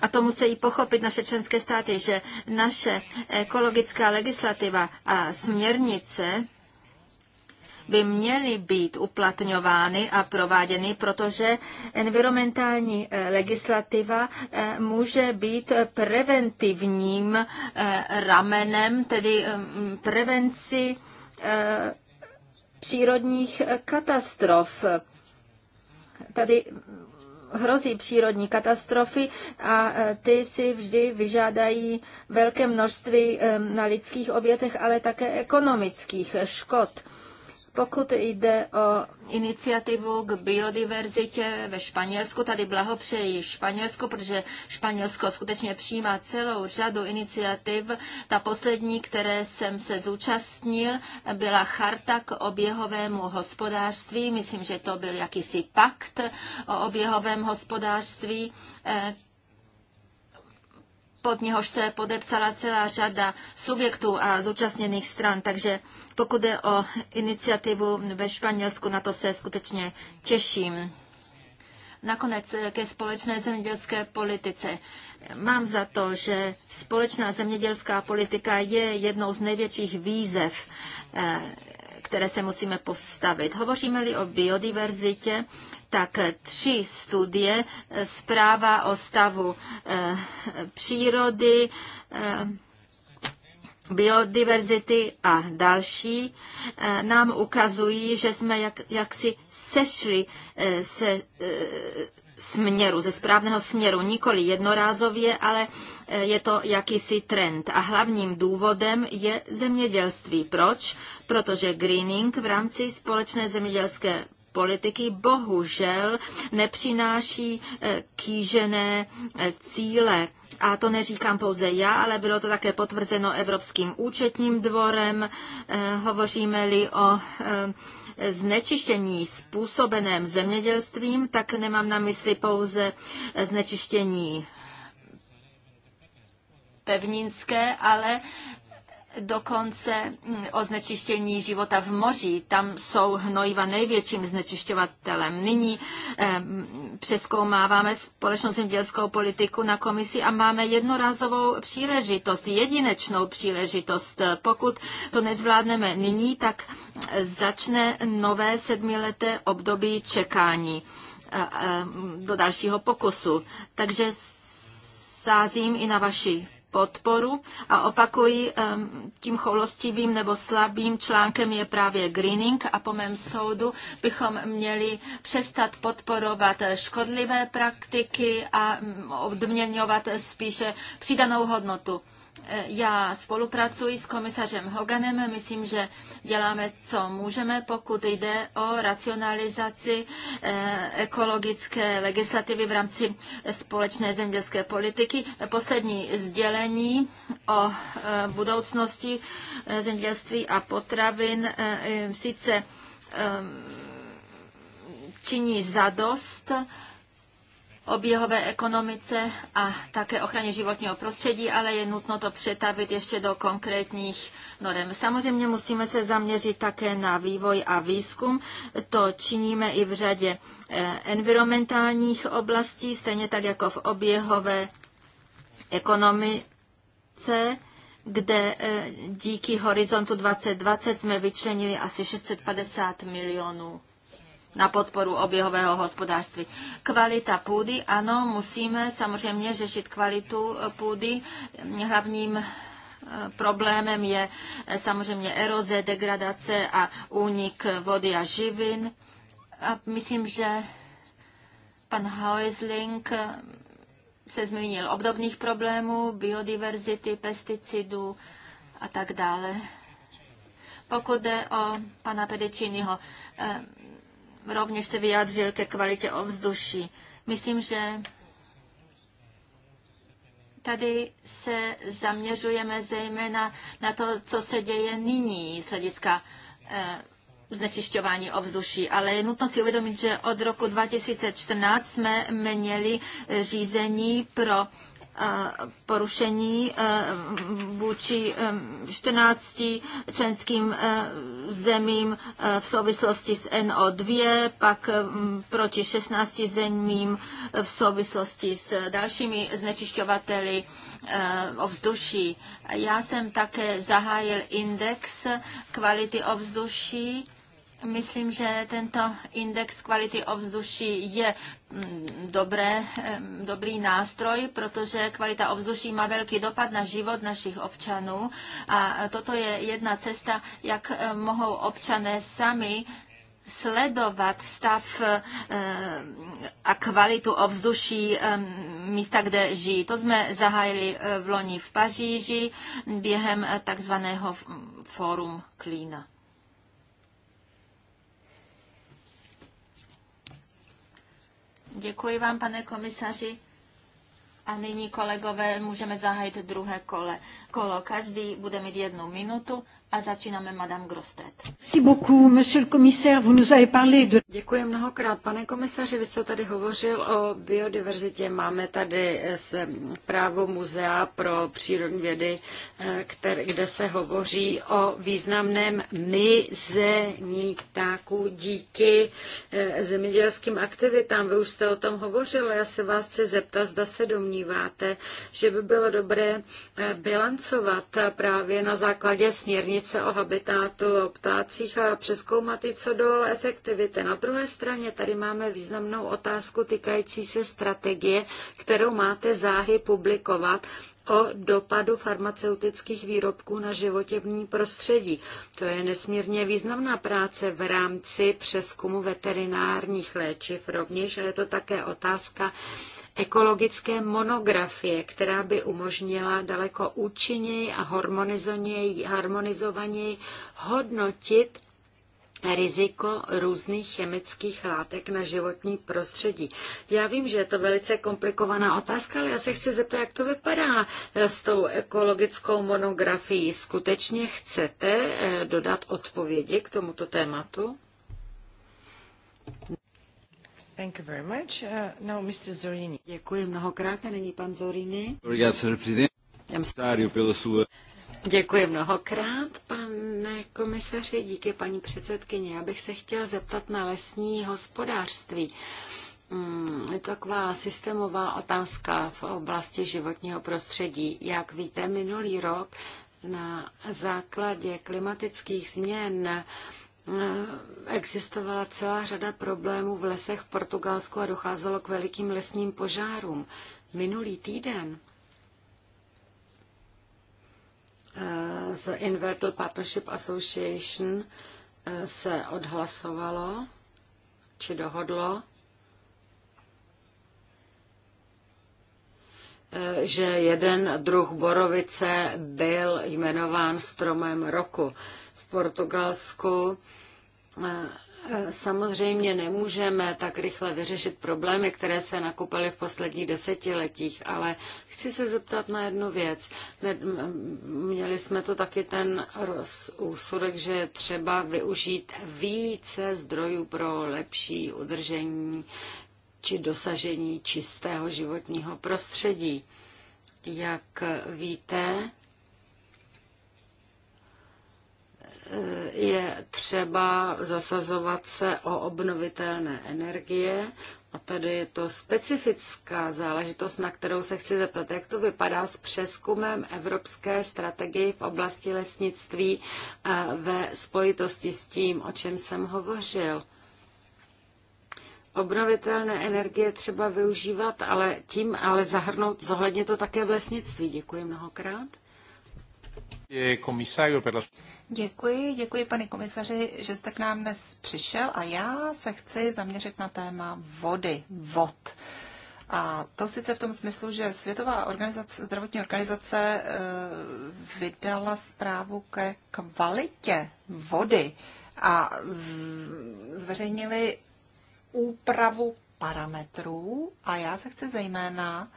a to musí pochopit naše členské státy, že naše ekologická legislativa a směrnice by měly být uplatňovány a prováděny, protože environmentální eh, legislativa eh, může být preventivním eh, ramenem, tedy mm, prevenci přírodních katastrof. Tady hrozí přírodní katastrofy a ty si vždy vyžádají velké množství na lidských obětech, ale také ekonomických škod. Pokud jde o iniciativu k biodiverzitě ve Španělsku, tady blahopřeji Španělsku, protože Španělsko skutečně přijímá celou řadu iniciativ. Ta poslední, které jsem se zúčastnil, byla charta k oběhovému hospodářství. Myslím, že to byl jakýsi pakt o oběhovém hospodářství, eh, pod něhož se podepsala celá řada subjektů a zúčastněných stran. Takže pokud jde o iniciativu ve Španělsku, na to se skutečně těším. Nakonec ke společné zemědělské politice. Mám za to, že společná zemědělská politika je jednou z největších výzev eh, které se musíme postavit. Hovoříme-li o biodiverzitě, tak tři studie, eh, zpráva o stavu eh, přírody, eh, biodiverzity a další nám ukazují, že jsme jak, jaksi sešli se směru, ze správného směru, nikoli jednorázově, ale e, je to jakýsi trend. A hlavním důvodem je zemědělství. Proč? Protože greening v rámci společné zemědělské politiky bohužel nepřináší e, kýžené e, cíle. A to neříkám pouze já, ale bylo to také potvrzeno Evropským účetním dvorem. Hovoříme-li o znečištění způsobeném zemědělstvím, tak nemám na mysli pouze znečištění pevninské, ale dokonce mm, o znečištění života v moři. Tam jsou hnojiva největším znečišťovatelem. Nyní eh, přeskoumáváme společnou zemědělskou politiku na komisi a máme jednorázovou příležitost, jedinečnou příležitost. Pokud to nezvládneme nyní, tak začne nové sedmileté období čekání eh, eh, do dalšího pokusu. Takže sázím i na vaši podporu a opakují, tím choulostivým nebo slabým článkem je právě greening a po mém soudu bychom měli přestat podporovat škodlivé praktiky a odměňovat spíše přidanou hodnotu. Já spolupracuji s komisařem Hoganem, myslím, že děláme, co můžeme, pokud jde o racionalizaci eh, ekologické legislativy v rámci společné zemědělské politiky. Poslední sdělení o eh, budoucnosti eh, zemědělství a potravin sice činí zadost, oběhové ekonomice a také ochraně životního prostředí, ale je nutno to přetavit ještě do konkrétních norem. Samozřejmě musíme se zaměřit také na vývoj a výzkum. To činíme i v řadě eh, environmentálních oblastí, stejně tak jako v oběhové ekonomice kde eh, díky Horizontu 2020 jsme vyčlenili asi 650 milionů na podporu oběhového hospodářství. Kvalita půdy, ano, musíme samozřejmě řešit kvalitu eh, půdy. Hlavním eh, problémem je eh, samozřejmě eroze, degradace a únik vody a živin. A myslím, že pan Heusling se zmínil obdobných problémů, biodiverzity, pesticidů a tak dále. Pokud jde o pana Pedečínyho, rovněž se vyjádřil ke kvalitě ovzduší. Myslím, že tady se zaměřujeme zejména na to, co se děje nyní z hlediska eh, znečišťování ovzduší, ale je nutno si uvědomit, že od roku 2014 jsme měli řízení pro porušení e, vůči 14 e, členským e, zemím v souvislosti s NO2, pak proti 16 zemím v souvislosti s dalšími znečišťovateli ovzduší. Já jsem také zahájil index kvality ovzduší Myslím, že tento index kvality ovzduší je mm, dobré, dobrý nástroj, protože kvalita ovzduší má velký dopad na život našich občanů a toto je jedna cesta, jak eh, mohou občané sami sledovat stav eh, a kvalitu ovzduší místa, kde žijí. To jsme zahájili eh, v loni v Paříži během takzvaného fórum Klína. Děkuji vám, pane komisaři. A nyní, kolegové, můžeme zahájit druhé kole. kolo. Každý bude mít jednu minutu a začínáme Madame Grostet. Děkuji mnohokrát. Pane komisaři, vy jste tady hovořil o biodiverzitě. Máme tady eh, právo muzea pro přírodní vědy, eh, kde se hovoří o významném mizení ptáků díky eh, zemědělským aktivitám. Vy už jste o tom hovořil, já se vás chci zeptat, zda se domníváte, že by bylo dobré bilancovat právě na základě směrnice se o habitátu, o ptácích a přeskoumat i co do efektivity. Na druhé straně tady máme významnou otázku týkající se strategie, kterou máte záhy publikovat o dopadu farmaceutických výrobků na životní prostředí. To je nesmírně významná práce v rámci přeskumu veterinárních léčiv rovněž a je to také otázka ekologické monografie, která by umožnila daleko účinněji a harmonizovaněji hodnotit riziko různých chemických látek na životní prostředí. Já vím, že je to velice komplikovaná otázka, ale já se chci zeptat, jak to vypadá eh, s tou ekologickou monografií. Skutečně chcete eh, dodat odpovědi k tomuto tématu? Thank you very much. Uh, now Mr. Zorini. Děkuji mnohokrát a nyní pan Zorini. Děkuji mnohokrát, pane komisaři, díky paní předsedkyně. Já bych se chtěl zeptat na lesní hospodářství. Hmm, to taková systémová otázka v oblasti životního prostředí. Jak víte, minulý rok na základě klimatických změn existovala celá řada problémů v lesech v Portugalsku a docházelo k velikým lesním požárům. Minulý týden eh, z Invertal Partnership Association eh, se odhlasovalo či dohodlo, eh, že jeden druh borovice byl jmenován stromem roku. Portugalsku. Samozřejmě nemůžeme tak rychle vyřešit problémy, které se nakupily v posledních desetiletích, ale chci se zeptat na jednu věc. Měli jsme tu taky ten úsudek, že je třeba využít více zdrojů pro lepší udržení či dosažení čistého životního prostředí. Jak víte, je třeba zasazovat se o obnovitelné energie. A tady je to specifická záležitost, na kterou se chci zeptat, jak to vypadá s přeskumem evropské strategie v oblasti lesnictví eh, ve spojitosti s tím, o čem jsem hovořil. Obnovitelné energie třeba využívat, ale tím ale zahrnout, zohledně to také v lesnictví. Děkuji mnohokrát. Komisario per la Děkuji, děkuji pane komisaři, že jste k nám dnes přišel a já se chci zaměřit na téma vody, vod. A to sice v tom smyslu, že Světová organizace, zdravotní organizace eh, vydala zprávu ke kvalitě vody a zveřejnili úpravu parametrů a já se chci zejména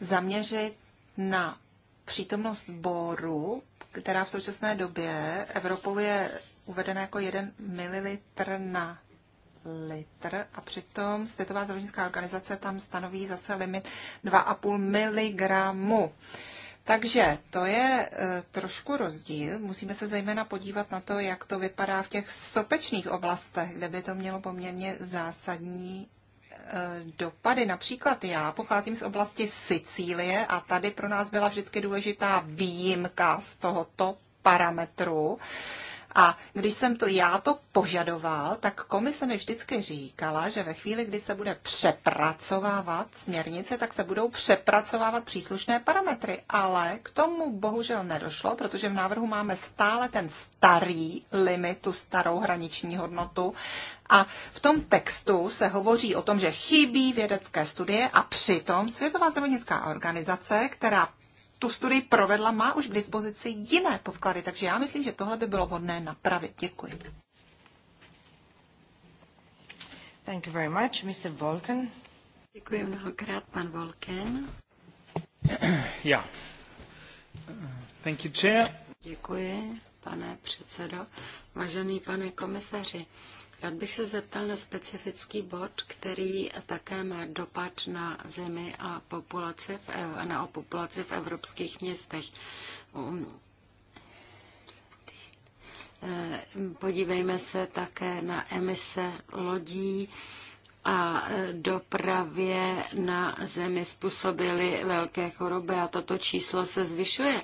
zaměřit na přítomnost boru která v současné době Evropou je uvedena jako 1 mililitr na litr a přitom Světová zdravotnická organizace tam stanoví zase limit 2,5 mg. Takže to je e, trošku rozdíl. Musíme se zejména podívat na to, jak to vypadá v těch sopečných oblastech, kde by to mělo poměrně zásadní Eh, dopady. Například já pocházím z oblasti Sicílie a tady pro nás byla vždycky důležitá výjimka z tohoto parametru. A když jsem to já to požadoval, tak komise mi vždycky říkala, že ve chvíli, kdy se bude přepracovávat směrnice, tak se budou přepracovávat příslušné parametry. Ale k tomu bohužel nedošlo, protože v návrhu máme stále ten starý limit, tu starou hraniční hodnotu. A v tom textu se hovoří o tom, že chybí vědecké studie a přitom Světová zdravotnická organizace, která tu studii provedla, má už k dispozici jiné podklady, takže já myslím, že tohle by bylo vhodné napravit. Děkuji. Thank you very much, Mr. Volken. Děkuji mnohokrát, pan Volken. Yeah. Thank you, chair. Děkuji, pane předsedo. Vážený pane komisaři, Rád bych se zeptal na specifický bod, který také má dopad na zemi a populace v, e- na populaci v evropských městech. Um, podívejme se také na emise lodí a dopravě na zemi způsobily velké choroby a toto číslo se zvyšuje.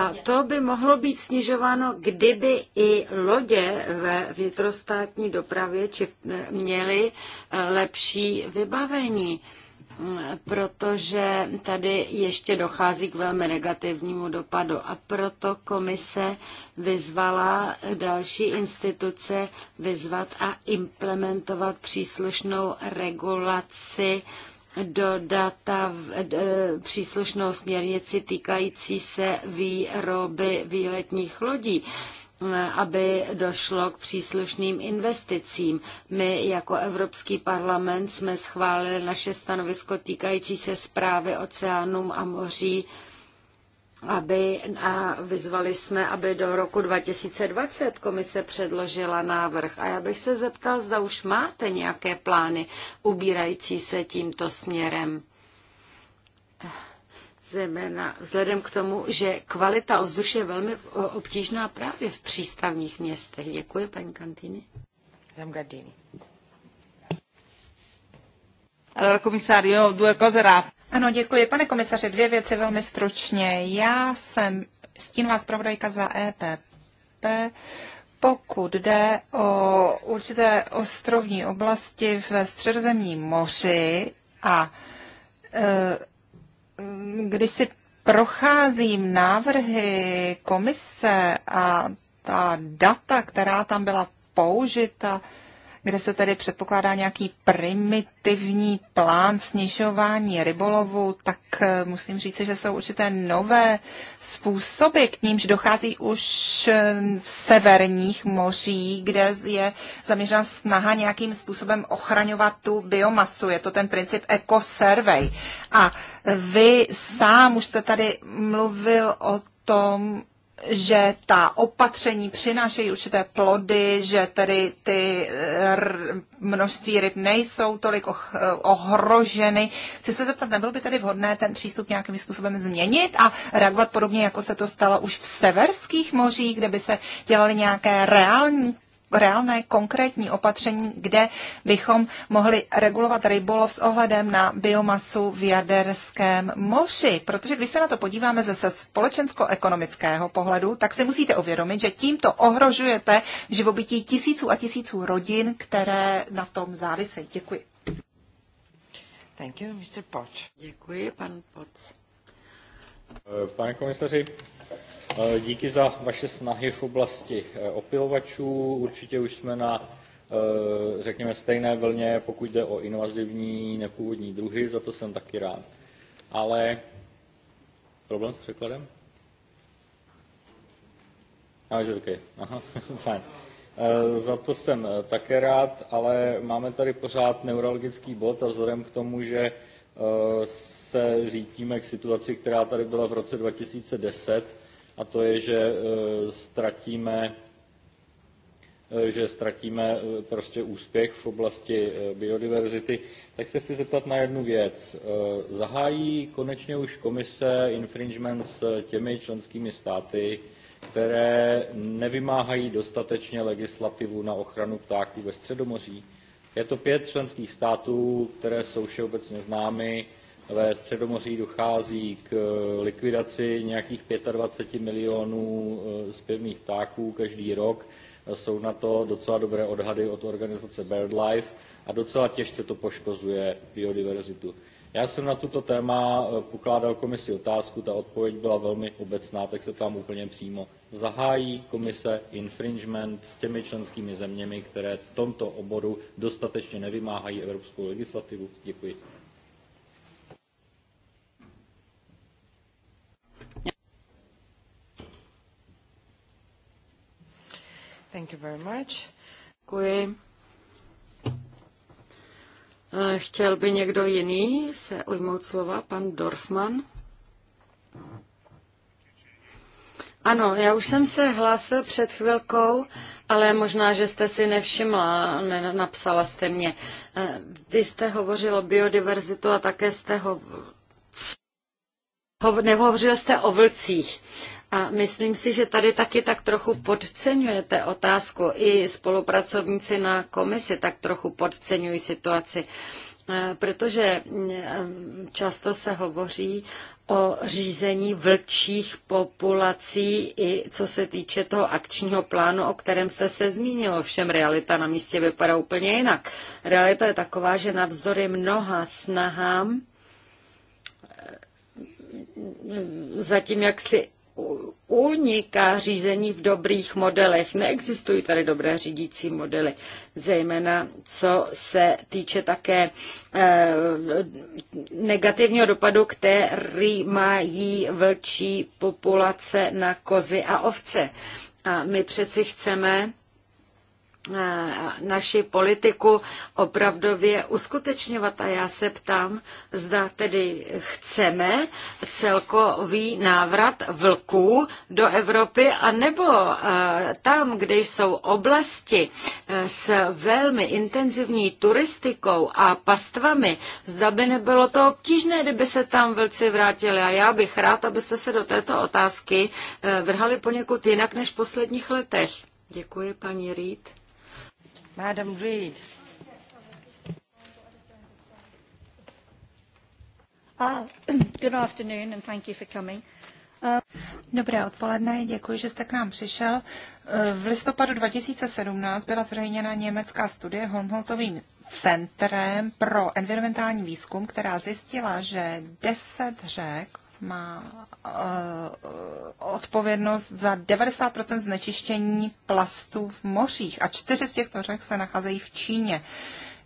A to by mohlo být snižováno, kdyby i lodě ve vnitrostátní dopravě či měly eh, lepší vybavení eh, protože tady ještě dochází k velmi negativnímu dopadu a proto komise vyzvala další instituce vyzvat a implementovat příslušnou regulaci dodata v e, příslušnou směrnici týkající se výroby výletních lodí e, aby došlo k příslušným investicím. My jako Evropský parlament jsme schválili naše stanovisko týkající se zprávy oceánům a moří aby, a vyzvali jsme, aby do roku 2020 komise předložila návrh. A já bych se zeptal, zda už máte nějaké plány ubírající se tímto směrem. Zeměna, vzhledem k tomu, že kvalita ovzduší je velmi obtížná právě v přístavních městech. Děkuji, paní Kantýny. Allora, commissario, due cose rapide. Ano, děkuji. Pane komisaře. dvě věci velmi stručně. Já jsem stínová zpravodajka za EPP. Pokud jde o určité ostrovní oblasti ve středozemním moři a e, když si procházím návrhy komise a ta data, která tam byla použita, e, kde se tedy předpokládá nějaký primitivní plán snižování rybolovu, tak eh, musím říct, že jsou určité nové způsoby, k nímž dochází už eh, v severních mořích, kde je zaměřena snaha nějakým způsobem ochraňovat tu biomasu. Je to ten princip eco-survey. A vy sám už jste tady mluvil o tom, že ta opatření přinášejí určité plody, že tedy ty eh, množství ryb nejsou tolik eh, ohroženy. Chci se zeptat, nebylo by tedy vhodné ten přístup nějakým způsobem změnit a reagovat podobně, jako se to stalo už v severských mořích, kde by se dělaly nějaké reální reálné konkrétní opatření, kde bychom mohli regulovat rybolov s ohledem na biomasu v Jaderském moři. Protože když se na to podíváme ze společensko-ekonomického pohledu, tak si musíte uvědomit, že tímto ohrožujete živobytí tisíců a tisíců rodin, které na tom závisejí. Děkuji. Thank you, Mr. Poč. Děkuji, pan Poc. Pane komisaři, Eh, díky za vaše snahy v oblasti eh, opilovačů. Určitě už jsme na, eh, řekněme, stejné vlně, pokud jde o invazivní nepůvodní druhy, za to jsem taky rád. Ale problém s překladem? A, že okay. Aha, fajn. Za to jsem také rád, ale máme tady pořád neurologický bod a vzhledem k tomu, že se řítíme k situaci, která tady byla v roce 2010, a to je, že e, ztratíme e, že ztratíme e, prostě úspěch v oblasti biodiverzity, tak se chci zeptat na jednu věc. Zahájí konečně už komise infringement s těmi členskými státy, které nevymáhají dostatečně legislativu na ochranu ptáků ve Středomoří. Je to pět členských států, které jsou všeobecně známy ve Středomoří dochází k eh, likvidaci nějakých 25 milionů eh, zpěvných ptáků každý rok. Eh, jsou na to docela dobré odhady od organizace BirdLife a docela těžce to poškozuje biodiverzitu. Já jsem na tuto téma pokládal komisi otázku, ta odpověď byla velmi obecná, tak se tam úplně přímo. Zahájí komise infringement s těmi členskými zeměmi, které v tomto oboru dostatečně nevymáhají evropskou legislativu? Děkuji. Thank you very much. Děkuji. Eh, chtěl by někdo jiný se ujmout slova? Pan Dorfman? Ano, já už jsem se hlásil před chvilkou, ale možná, že jste si nevšimla, napsala jste mě. Eh, vy jste hovořil o biodiverzitu a také jste ho... Hov... nehovořil jste o vlcích. A myslím si, že tady taky tak trochu podceňujete otázku. I spolupracovníci na komisi tak trochu podceňují situaci, e, protože e, často se hovoří o řízení vlčích populací i co se týče toho akčního plánu, o kterém jste se zmínil. Ovšem realita na místě vypadá úplně jinak. Realita je taková, že navzdory mnoha snahám e, zatím jaksi uniká řízení v dobrých modelech. Neexistují tady dobré řídící modely, zejména co se týče také e, negativního dopadu, který mají vlčí populace na kozy a ovce. A my přeci chceme, naši politiku opravdově uskutečňovat. A já se ptám, zda tedy chceme celkový návrat vlků do Evropy, anebo tam, kde jsou oblasti e, s velmi intenzivní turistikou a pastvami, zda by nebylo to obtížné, kdyby se tam vlci vrátili. A já bych rád, abyste se do této otázky e, vrhali poněkud jinak než v posledních letech. Děkuji, paní Reed. Madam Reid. Ah, good afternoon and thank you for coming. Uh, Dobré odpoledne, děkuji, že jste k nám přišel. V listopadu 2017 byla zveřejněna německá studie Holmholtovým centrem pro environmentální výzkum, která zjistila, že 10 řek má Eh, odpovědnost za 90 znečištění plastů v mořích a čtyři z těchto řek se nacházejí v Číně.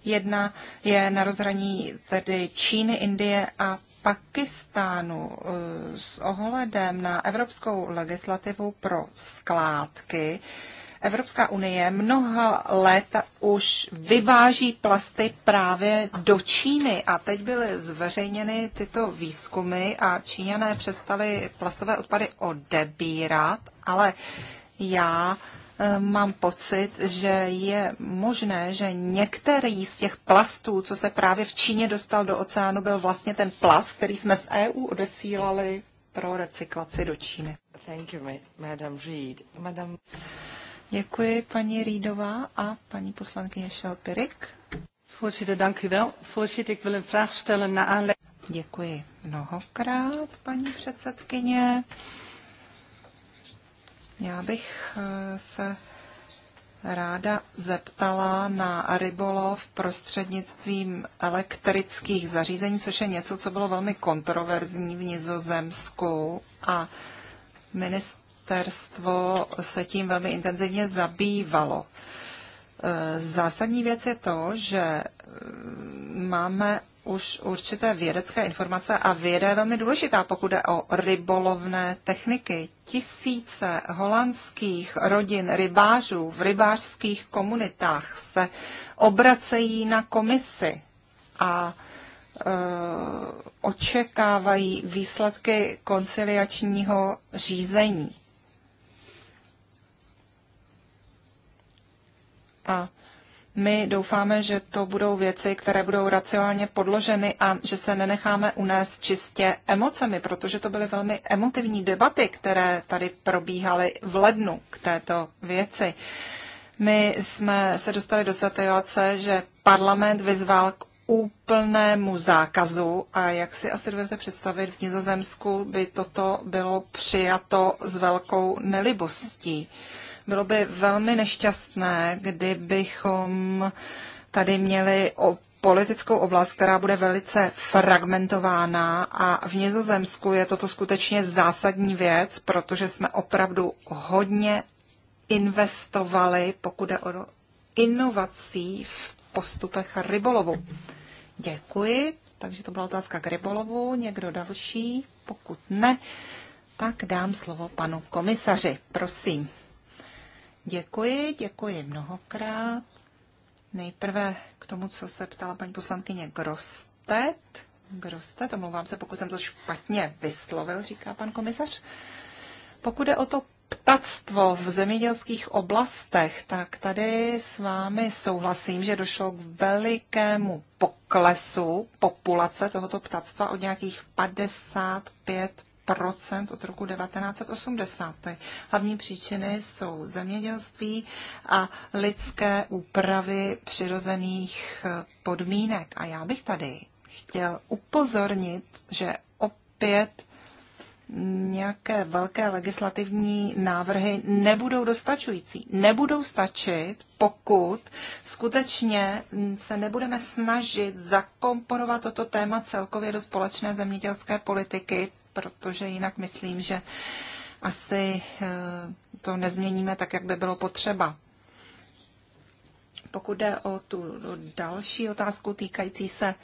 Jedna je na rozhraní tedy Číny, Indie a Pakistánu eh, s ohledem na evropskou legislativu pro skládky Evropská unie mnoho let už vyváží plasty právě do Číny a teď byly zveřejněny tyto výzkumy a Číňané přestali plastové odpady odebírat, ale já eh, mám pocit, že je možné, že některý z těch plastů, co se právě v Číně dostal do oceánu, byl vlastně ten plast, který jsme z EU odesílali pro recyklaci do Číny. Thank you, Madam Reed. Madam... Děkuji paní Rídová a paní poslankyně Šelpirik. Děkuji mnohokrát, paní předsedkyně. Já bych eh, se ráda zeptala na rybolov prostřednictvím elektrických zařízení, což je něco, co bylo velmi kontroverzní v Nizozemsku a ministr ministerstvo se tím velmi intenzivně zabývalo. E, zásadní věc je to, že e, máme už určité vědecké informace a věda je velmi důležitá, pokud jde o rybolovné techniky. Tisíce holandských rodin rybářů v rybářských komunitách se obracejí na komisy a e, očekávají výsledky konciliačního řízení. A my doufáme, že to budou věci, které budou racionálně podloženy a že se nenecháme unést čistě emocemi, protože to byly velmi emotivní debaty, které tady probíhaly v lednu k této věci. My jsme se dostali do situace, že parlament vyzval k úplnému zákazu a jak si asi budete představit, v Nizozemsku by toto bylo přijato s velkou nelibostí. Bylo by velmi nešťastné, kdybychom tady měli o politickou oblast, která bude velice fragmentována a v Nizozemsku je toto skutečně zásadní věc, protože jsme opravdu hodně investovali, pokud je o inovací v postupech rybolovu. Děkuji. Takže to byla otázka k rybolovu. Někdo další? Pokud ne, tak dám slovo panu komisaři. Prosím. Děkuji, děkuji mnohokrát. Nejprve k tomu, co se ptala paní poslankyně Grostet. Grostet, omlouvám se, pokud jsem to špatně vyslovil, říká pan komisař. Pokud je o to ptactvo v zemědělských oblastech, tak tady s vámi souhlasím, že došlo k velikému poklesu populace tohoto ptactva od nějakých 55 procent od roku 1980. Hlavní příčiny jsou zemědělství a lidské úpravy přirozených eh, podmínek. A já bych tady chtěl upozornit, že opět nějaké velké legislativní návrhy nebudou dostačující. Nebudou stačit, pokud skutečně se nebudeme snažit zakomponovat toto téma celkově do společné zemědělské politiky, protože jinak myslím, že asi eh, to nezměníme tak, jak by bylo potřeba. Pokud jde o tu další otázku týkající se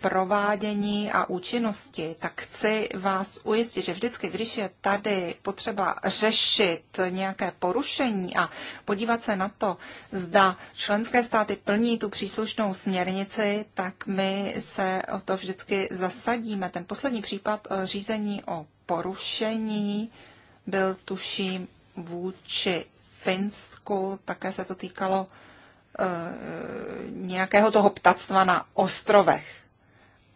provádění a účinnosti, tak chci vás ujistit, že vždycky, když je tady potřeba řešit nějaké porušení a podívat se na to, zda členské státy plní tu příslušnou směrnici, tak my se o to vždycky zasadíme. Ten poslední případ eh, řízení o porušení byl tuším vůči Finsku, také se to týkalo eh, nějakého toho ptactva na ostrovech.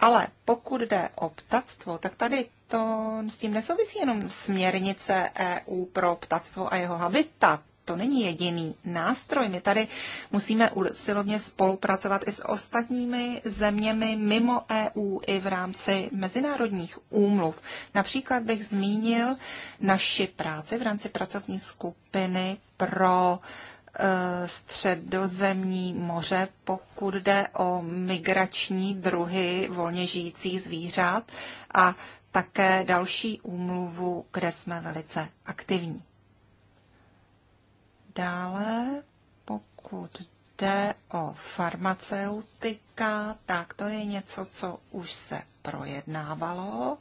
Ale pokud jde o ptactvo, tak tady to s tím nesouvisí jenom směrnice EU pro ptactvo a jeho habitat. To není jediný nástroj. My tady musíme usilovně spolupracovat i s ostatními zeměmi mimo EU i v rámci mezinárodních úmluv. Například bych zmínil naši práci v rámci pracovní skupiny pro uh, Eh, středozemní moře, pokud jde o migrační druhy volně žijících zvířat a také další úmluvu, kde jsme velice aktivní. Dále, pokud jde o farmaceutika, tak to je něco, co už se projednávalo,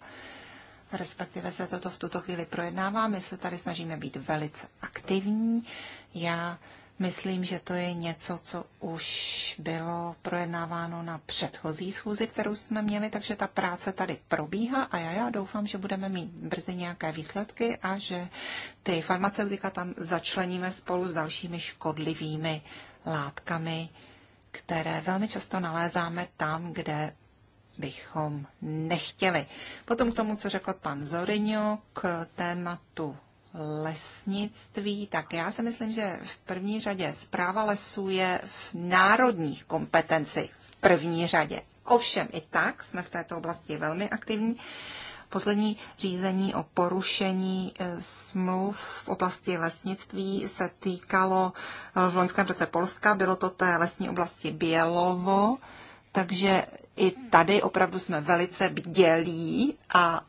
respektive se toto v tuto chvíli projednává. My se tady snažíme být velice aktivní. Já Myslím, že to je něco, co už bylo projednáváno na předchozí schůzi, kterou jsme měli, takže ta práce tady probíhá a já, já doufám, že budeme mít brzy nějaké výsledky a že ty farmaceutika tam začleníme spolu s dalšími škodlivými látkami, které velmi často nalézáme tam, kde bychom nechtěli. Potom k tomu, co řekl pan Zoriňo k tématu lesnictví, tak já si myslím, že v první řadě zpráva lesů je v národních kompetenci v první řadě. Ovšem i tak jsme v této oblasti velmi aktivní. Poslední řízení o porušení e, smluv v oblasti lesnictví se týkalo e, v loňském roce Polska, bylo to té lesní oblasti Bělovo, takže i tady opravdu jsme velice bdělí a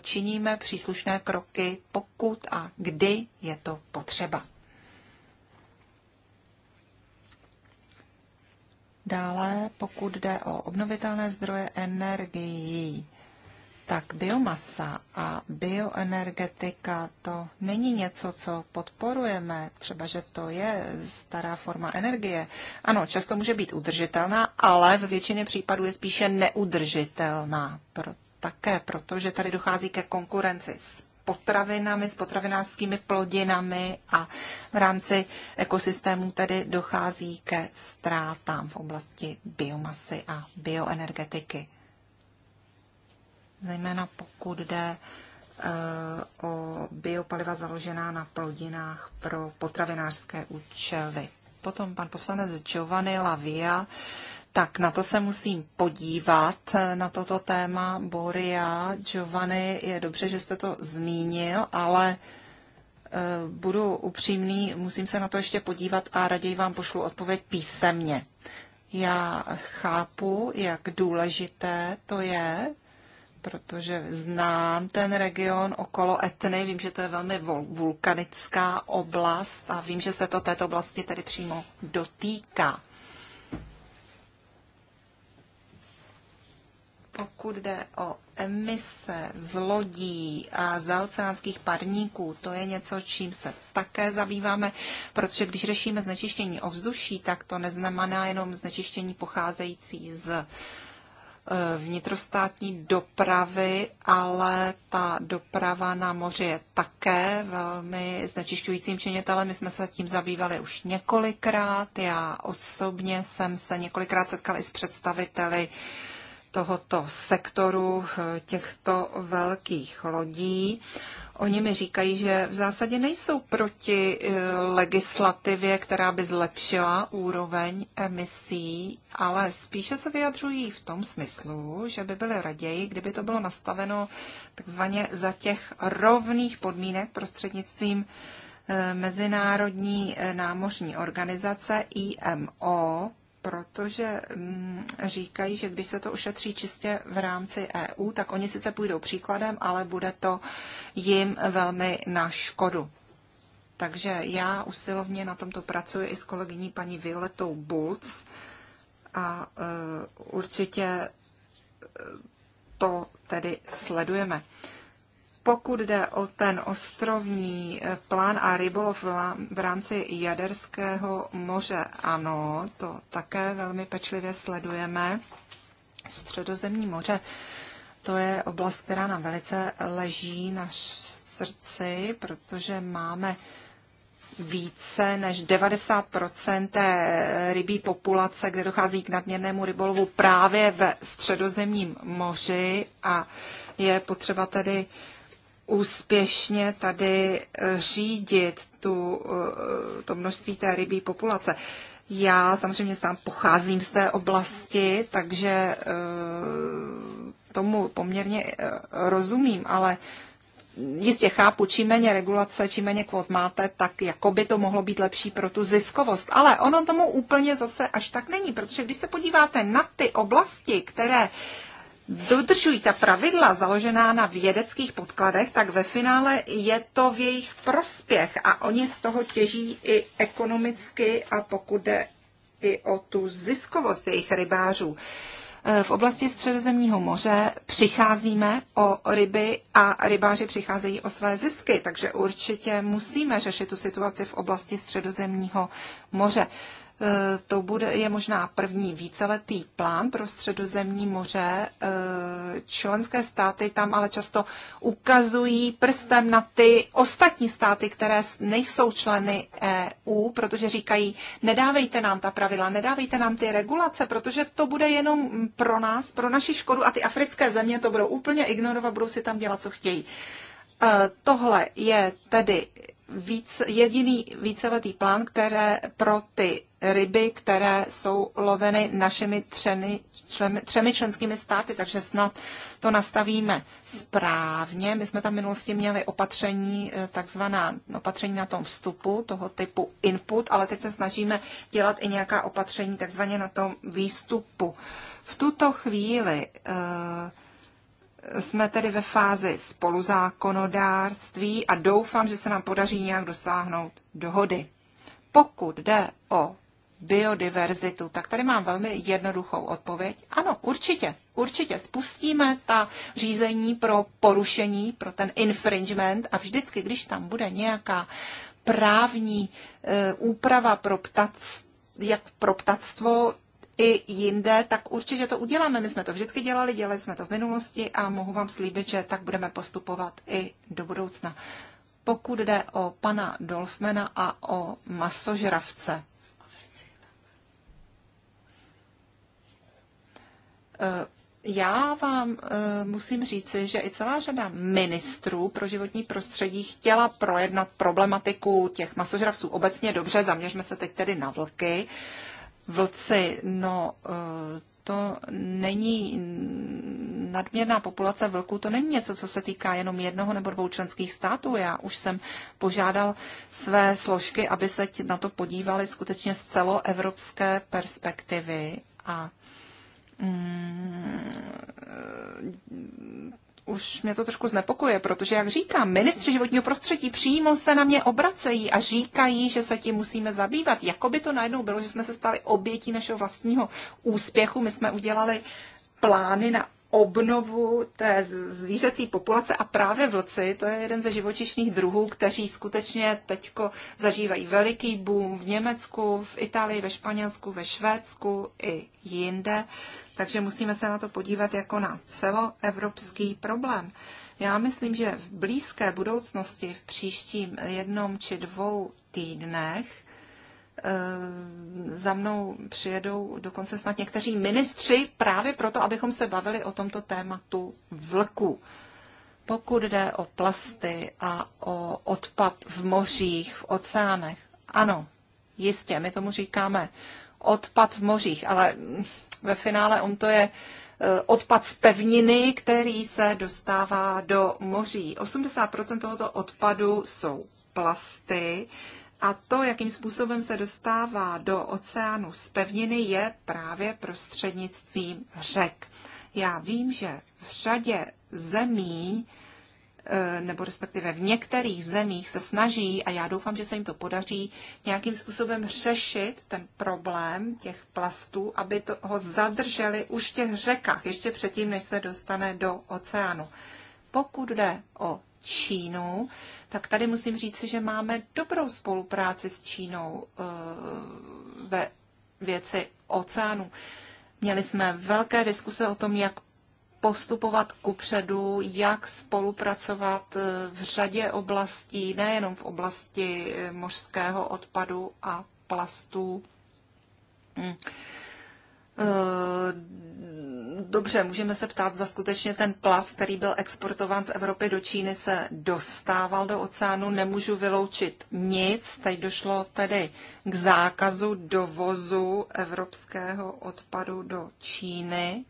činíme příslušné kroky, pokud a kdy je to potřeba. Dále, pokud jde o obnovitelné zdroje energií, tak biomasa a bioenergetika to není něco, co podporujeme, třeba že to je stará forma energie. Ano, často může být udržitelná, ale v většině případů je spíše neudržitelná, proto také proto, že tady dochází ke konkurenci s potravinami, s potravinářskými plodinami a v rámci ekosystému tedy dochází ke ztrátám v oblasti biomasy a bioenergetiky. Zejména pokud jde e, o biopaliva založená na plodinách pro potravinářské účely. Potom pan poslanec Giovanni Lavia tak na to se musím podívat, eh, na toto téma Boria. Giovanni, je dobře, že jste to zmínil, ale eh, budu upřímný, musím se na to ještě podívat a raději vám pošlu odpověď písemně. Já chápu, jak důležité to je, protože znám ten region okolo Etny, vím, že to je velmi vulkanická oblast a vím, že se to této oblasti tedy přímo dotýká. Pokud jde o emise z lodí a zaoceánských parníků, to je něco, čím se také zabýváme, protože když řešíme znečištění ovzduší, tak to neznamená jenom znečištění pocházející z e, vnitrostátní dopravy, ale ta doprava na moři je také velmi znečišťujícím činitelem. My jsme se tím zabývali už několikrát. Já osobně jsem se několikrát setkal i s představiteli uh, tohoto sektoru eh, těchto velkých lodí. Oni mi říkají, že v zásadě nejsou proti eh, legislativě, která by zlepšila úroveň emisí, ale spíše se vyjadřují v tom smyslu, že by byly raději, kdyby to bylo nastaveno takzvaně za těch rovných podmínek prostřednictvím eh, Mezinárodní námořní organizace IMO, protože mm, říkají, že když se to ušetří čistě v rámci EU, tak oni sice půjdou příkladem, ale bude to jim velmi na škodu. Takže já usilovně na tomto pracuji i s kolegyní paní Violetou Bulc a e, určitě e, to tedy sledujeme. Pokud jde o ten ostrovní eh, plán a rybolov v rámci Jaderského moře, ano, to také velmi pečlivě sledujeme. Středozemní moře, to je oblast, která nám velice leží na srdci, protože máme více než 90 té eh, rybí populace, kde dochází k nadměrnému rybolovu právě ve středozemním moři a je potřeba tedy úspěšně tady eh, řídit tu, eh, to množství té rybí populace. Já samozřejmě sám pocházím z té oblasti, takže eh, tomu poměrně rozumím, ale jistě chápu, čím méně regulace, čím méně kvot máte, tak jako by to mohlo být lepší pro tu ziskovost. Ale ono tomu úplně zase až tak není, protože když se podíváte na ty oblasti, které dodržují ta pravidla založená na vědeckých podkladech, tak ve finále je to v jejich prospěch a oni z toho těží i ekonomicky a pokud jde i o tu ziskovost jejich rybářů. Eh, v oblasti Středozemního moře přicházíme o ryby a rybáři přicházejí o své zisky, takže určitě musíme řešit tu situaci v oblasti Středozemního moře. Eh, to bude, je možná první víceletý plán pro středozemní moře. Eh, členské státy tam ale často ukazují prstem na ty ostatní státy, které nejsou členy EU, protože říkají, nedávejte nám ta pravidla, nedávejte nám ty regulace, protože to bude jenom pro nás, pro naši škodu a ty africké země to budou úplně ignorovat, budou si tam dělat, co chtějí. Eh, tohle je tedy víc, jediný víceletý plán, které pro ty ryby, které jsou loveny našimi třemi, třemi členskými státy, takže snad to nastavíme správně. My jsme tam v minulosti měli opatření, eh, takzvaná opatření na tom vstupu, toho typu input, ale teď se snažíme dělat i nějaká opatření takzvaně na tom výstupu. V tuto chvíli eh, jsme tedy ve fázi spoluzákonodárství a doufám, že se nám podaří nějak dosáhnout dohody. Pokud jde o biodiverzitu? Tak tady mám velmi jednoduchou odpověď. Ano, určitě. Určitě spustíme ta řízení pro porušení, pro ten infringement a vždycky, když tam bude nějaká právní e, úprava pro ptac, jak pro ptactvo, i jinde, tak určitě to uděláme. My jsme to vždycky dělali, dělali jsme to v minulosti a mohu vám slíbit, že tak budeme postupovat i do budoucna. Pokud jde o pana Dolfmana a o masožravce, Eh, já vám eh, musím říci, že i celá řada ministrů pro životní prostředí chtěla projednat problematiku těch masožravců obecně dobře. Zaměřme se teď tedy na vlky. Vlci, no eh, to není nadměrná populace vlků, to není něco, co se týká jenom jednoho nebo dvou členských států. Já už jsem požádal své složky, aby se na to podívali skutečně z celoevropské perspektivy a Mm, už mě to trošku znepokuje, protože, jak říkám, ministři životního prostředí přímo se na mě obracejí a říkají, že se tím musíme zabývat. Jako by to najednou bylo, že jsme se stali obětí našeho vlastního úspěchu. My jsme udělali plány na obnovu té zvířecí populace a právě vlci, to je jeden ze živočišných druhů, kteří skutečně teďko zažívají veliký boom v Německu, v Itálii, ve Španělsku, ve Švédsku i jinde. Takže musíme se na to podívat jako na celoevropský problém. Já myslím, že v blízké budoucnosti, v příštím jednom či dvou týdnech, eh, za mnou přijedou dokonce snad někteří ministři právě proto, abychom se bavili o tomto tématu vlku. Pokud jde o plasty a o odpad v mořích, v oceánech, ano, jistě, my tomu říkáme odpad v mořích, ale ve finále on to je e, odpad z pevniny, který se dostává do moří. 80% tohoto odpadu jsou plasty a to, jakým způsobem se dostává do oceánu z pevniny, je právě prostřednictvím řek. Já vím, že v řadě zemí E, nebo respektive v některých zemích se snaží, a já doufám, že se jim to podaří, nějakým způsobem řešit ten problém těch plastů, aby to, ho zadrželi už v těch řekách, ještě předtím, než se dostane do oceánu. Pokud jde o Čínu, tak tady musím říct, že máme dobrou spolupráci s Čínou e, ve věci oceánu. Měli jsme velké diskuse o tom, jak postupovat kupředu, jak spolupracovat eh, v řadě oblastí, nejenom v oblasti eh, mořského odpadu a plastů. Hm. Eh, dobře, můžeme se ptát, zda skutečně ten plast, který byl exportován z Evropy do Číny, se dostával do oceánu. Nemůžu vyloučit nic. Teď došlo tedy k zákazu dovozu evropského odpadu do Číny.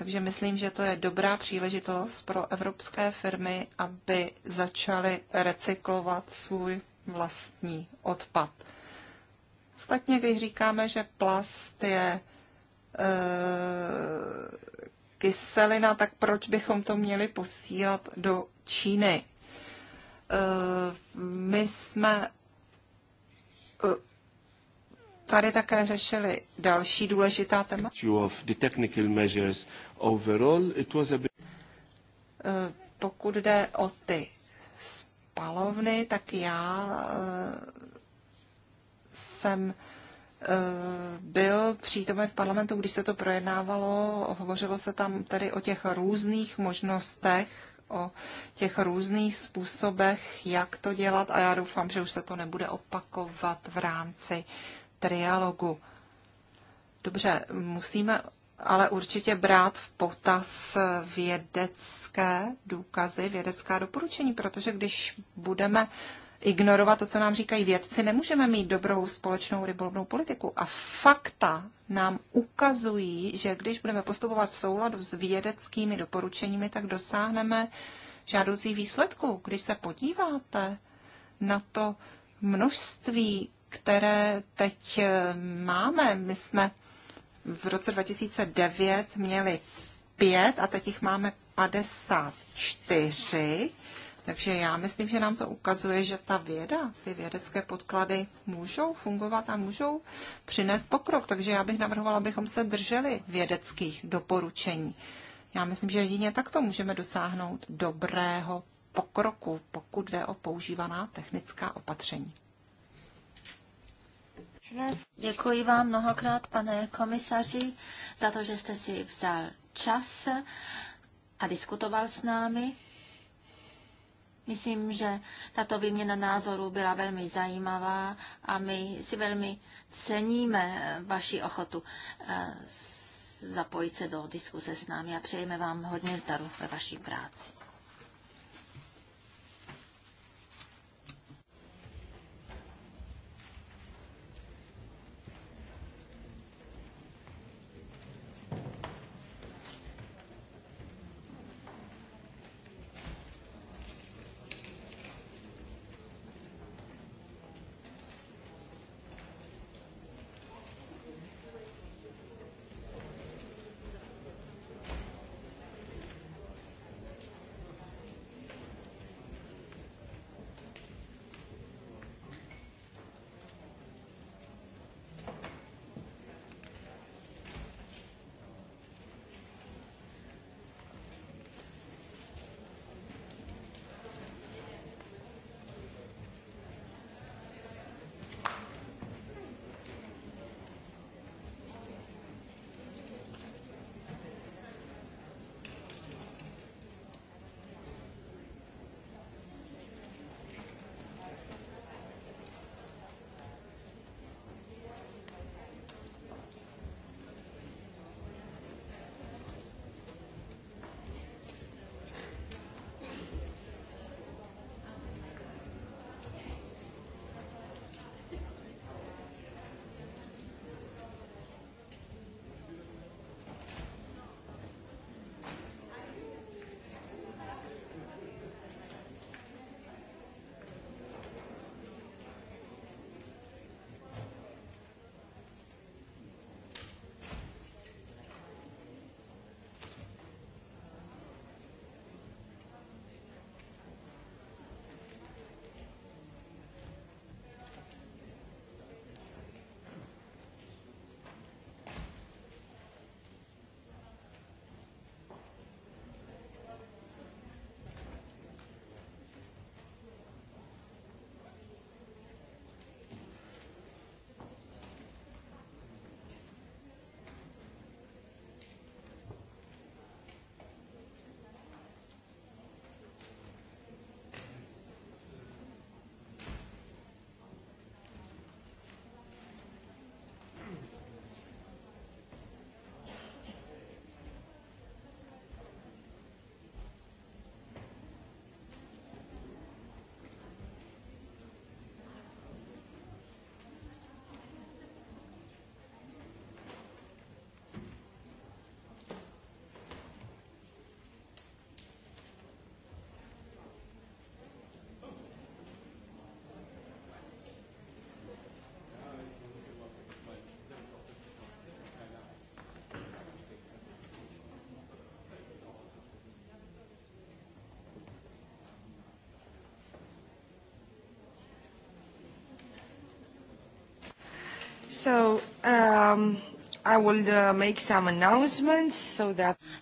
Takže myslím, že to je dobrá příležitost pro evropské firmy, aby začaly recyklovat svůj vlastní odpad. Ostatně, když říkáme, že plast je e, kyselina, tak proč bychom to měli posílat do Číny? E, my jsme e, tady také řešili další důležitá téma. Eh, pokud jde o ty spalovny, tak já eh, jsem eh, byl přítomen v parlamentu, když se to projednávalo, hovořilo se tam tedy o těch různých možnostech, o těch různých způsobech, jak to dělat a já doufám, že už se to nebude opakovat v rámci trialogu. Dobře, musíme ale určitě brát v potaz vědecké důkazy, vědecká doporučení, protože když budeme ignorovat to, co nám říkají vědci, nemůžeme mít dobrou společnou rybolovnou politiku. A fakta nám ukazují, že když budeme postupovat v souladu s vědeckými doporučeními, tak dosáhneme žádoucí výsledku. Když se podíváte na to množství které teď eh, máme. My jsme v roce 2009 měli pět a teď jich máme 54. Takže já myslím, že nám to ukazuje, že ta věda, ty vědecké podklady můžou fungovat a můžou přinést pokrok. Takže já bych navrhovala, abychom se drželi vědeckých doporučení. Já myslím, že jedině takto můžeme dosáhnout dobrého pokroku, pokud jde o používaná technická opatření. Děkuji vám mnohokrát, pane komisaři, za to, že jste si vzal čas a diskutoval s námi. Myslím, že tato výměna názorů byla velmi zajímavá a my si velmi ceníme vaši ochotu eh, zapojit se do diskuse s námi a přejeme vám hodně zdaru ve vaší práci.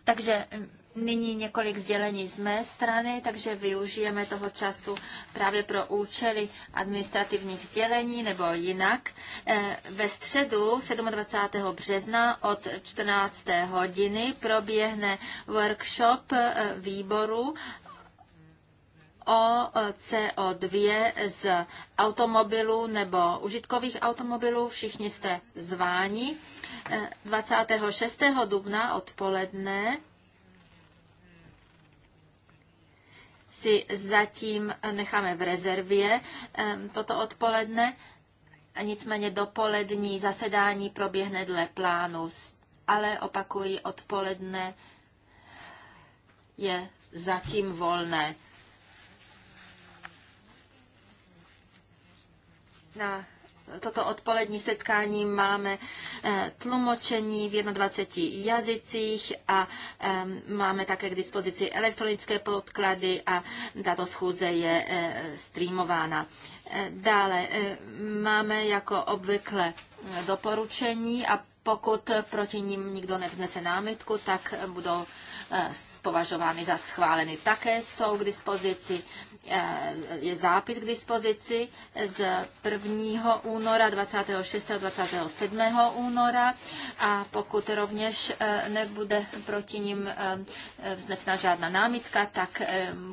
Takže nyní několik sdělení z mé strany, takže využijeme toho času právě pro účely administrativních sdělení nebo jinak. Eh, ve středu 27. března od 14. hodiny proběhne workshop eh, výboru o e, CO2 z automobilů nebo užitkových automobilů. Všichni jste zváni. 26. E, dubna odpoledne si zatím necháme v rezervě e, toto odpoledne. Nicméně dopolední zasedání proběhne dle plánu, ale opakuji, odpoledne je zatím volné. na toto odpolední setkání máme eh, tlumočení v 21 jazycích a ehm, máme také k dispozici elektronické podklady a tato schůze je eh, streamována. Eh, dále máme jako obvykle doporučení a pokud proti ním nikdo nevznese námitku, tak budou považovány za schváleny. Také jsou k dispozici, eh, je zápis k dispozici z 1. února, 26. a 27. února a pokud rovněž eh, nebude proti ním eh, vznesena žádná námitka, tak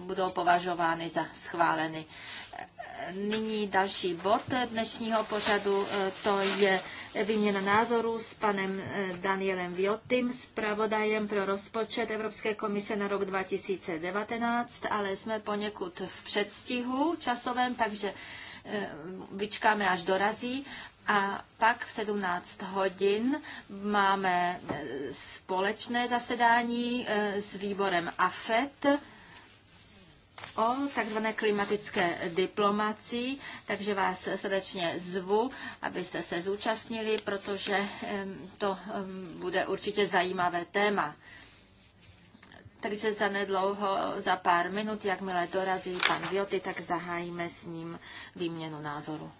budou považovány za schváleny nyní další bod dnešního pořadu, e, to je výměna názorů s panem e, Danielem Viotym, zpravodajem pro rozpočet Evropské komise na rok 2019, ale jsme poněkud v předstihu časovém, takže e, vyčkáme, až dorazí. A pak v 17 hodin máme společné zasedání s výborem AFET, o takzvané klimatické diplomacii, takže vás srdečně zvu, abyste se zúčastnili, protože to bude určitě zajímavé téma. Takže za nedlouho, za pár minut, jakmile dorazí pan Vioty, tak zahájíme s ním výměnu názoru.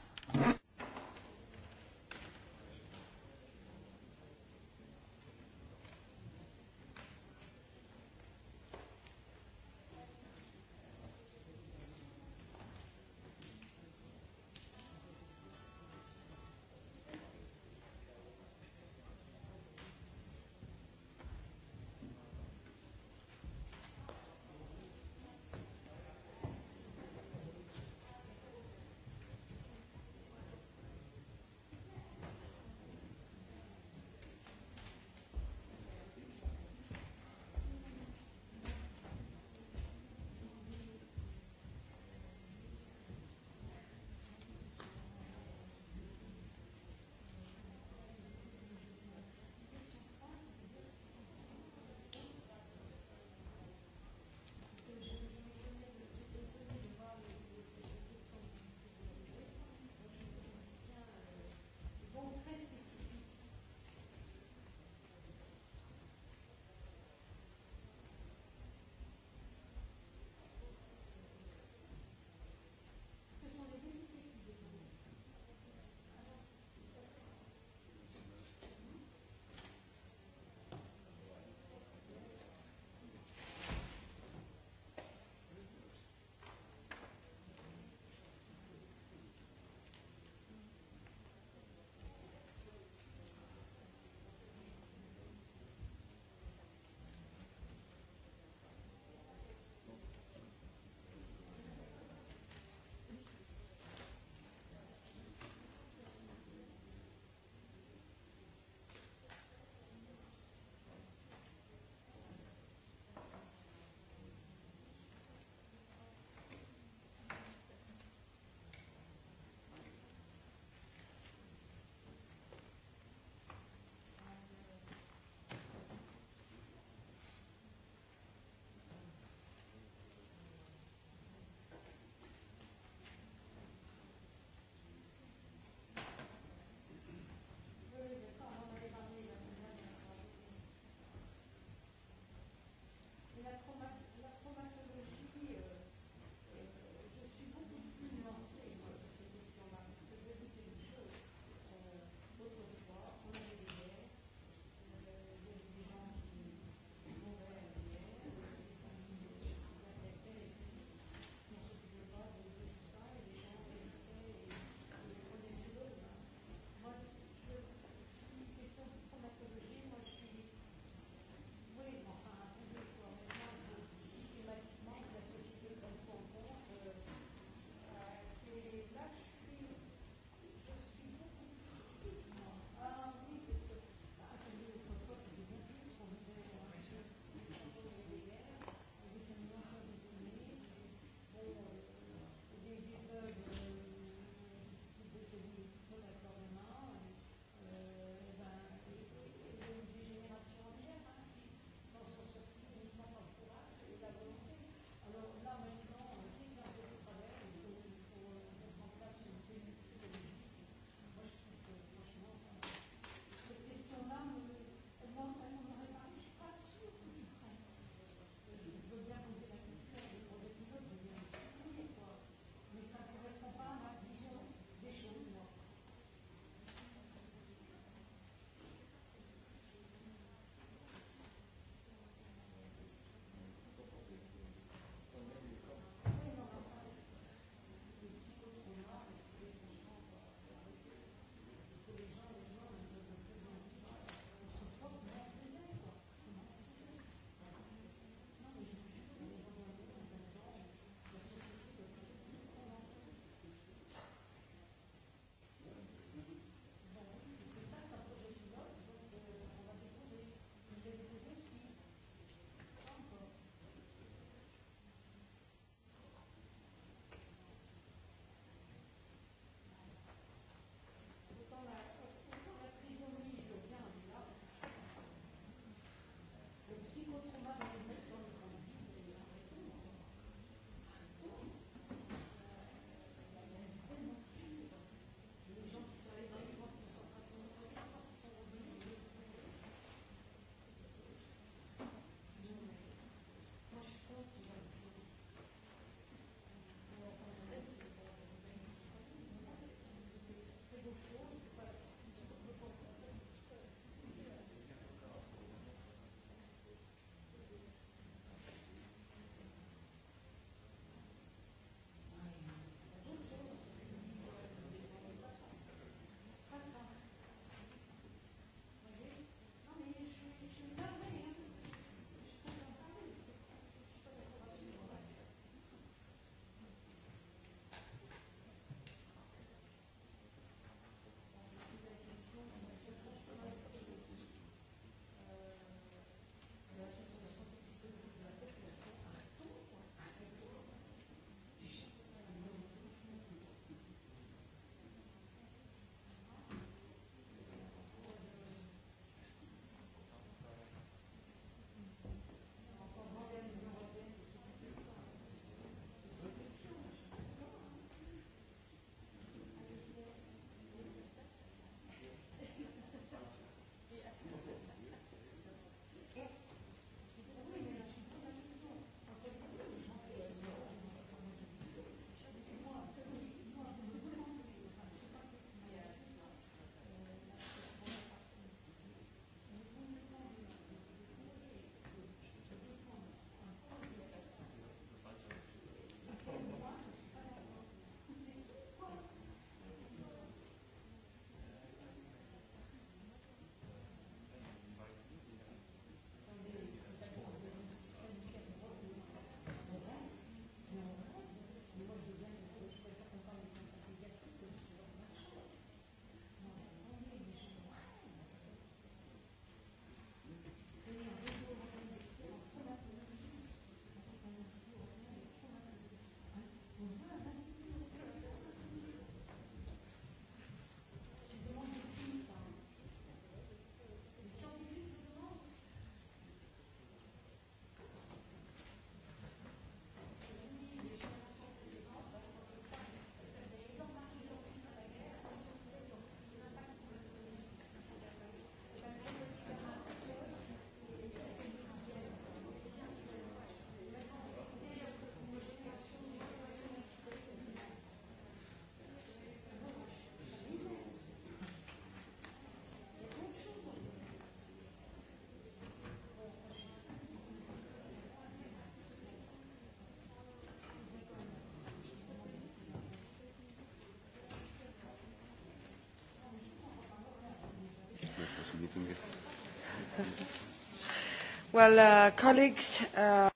Uh, uh,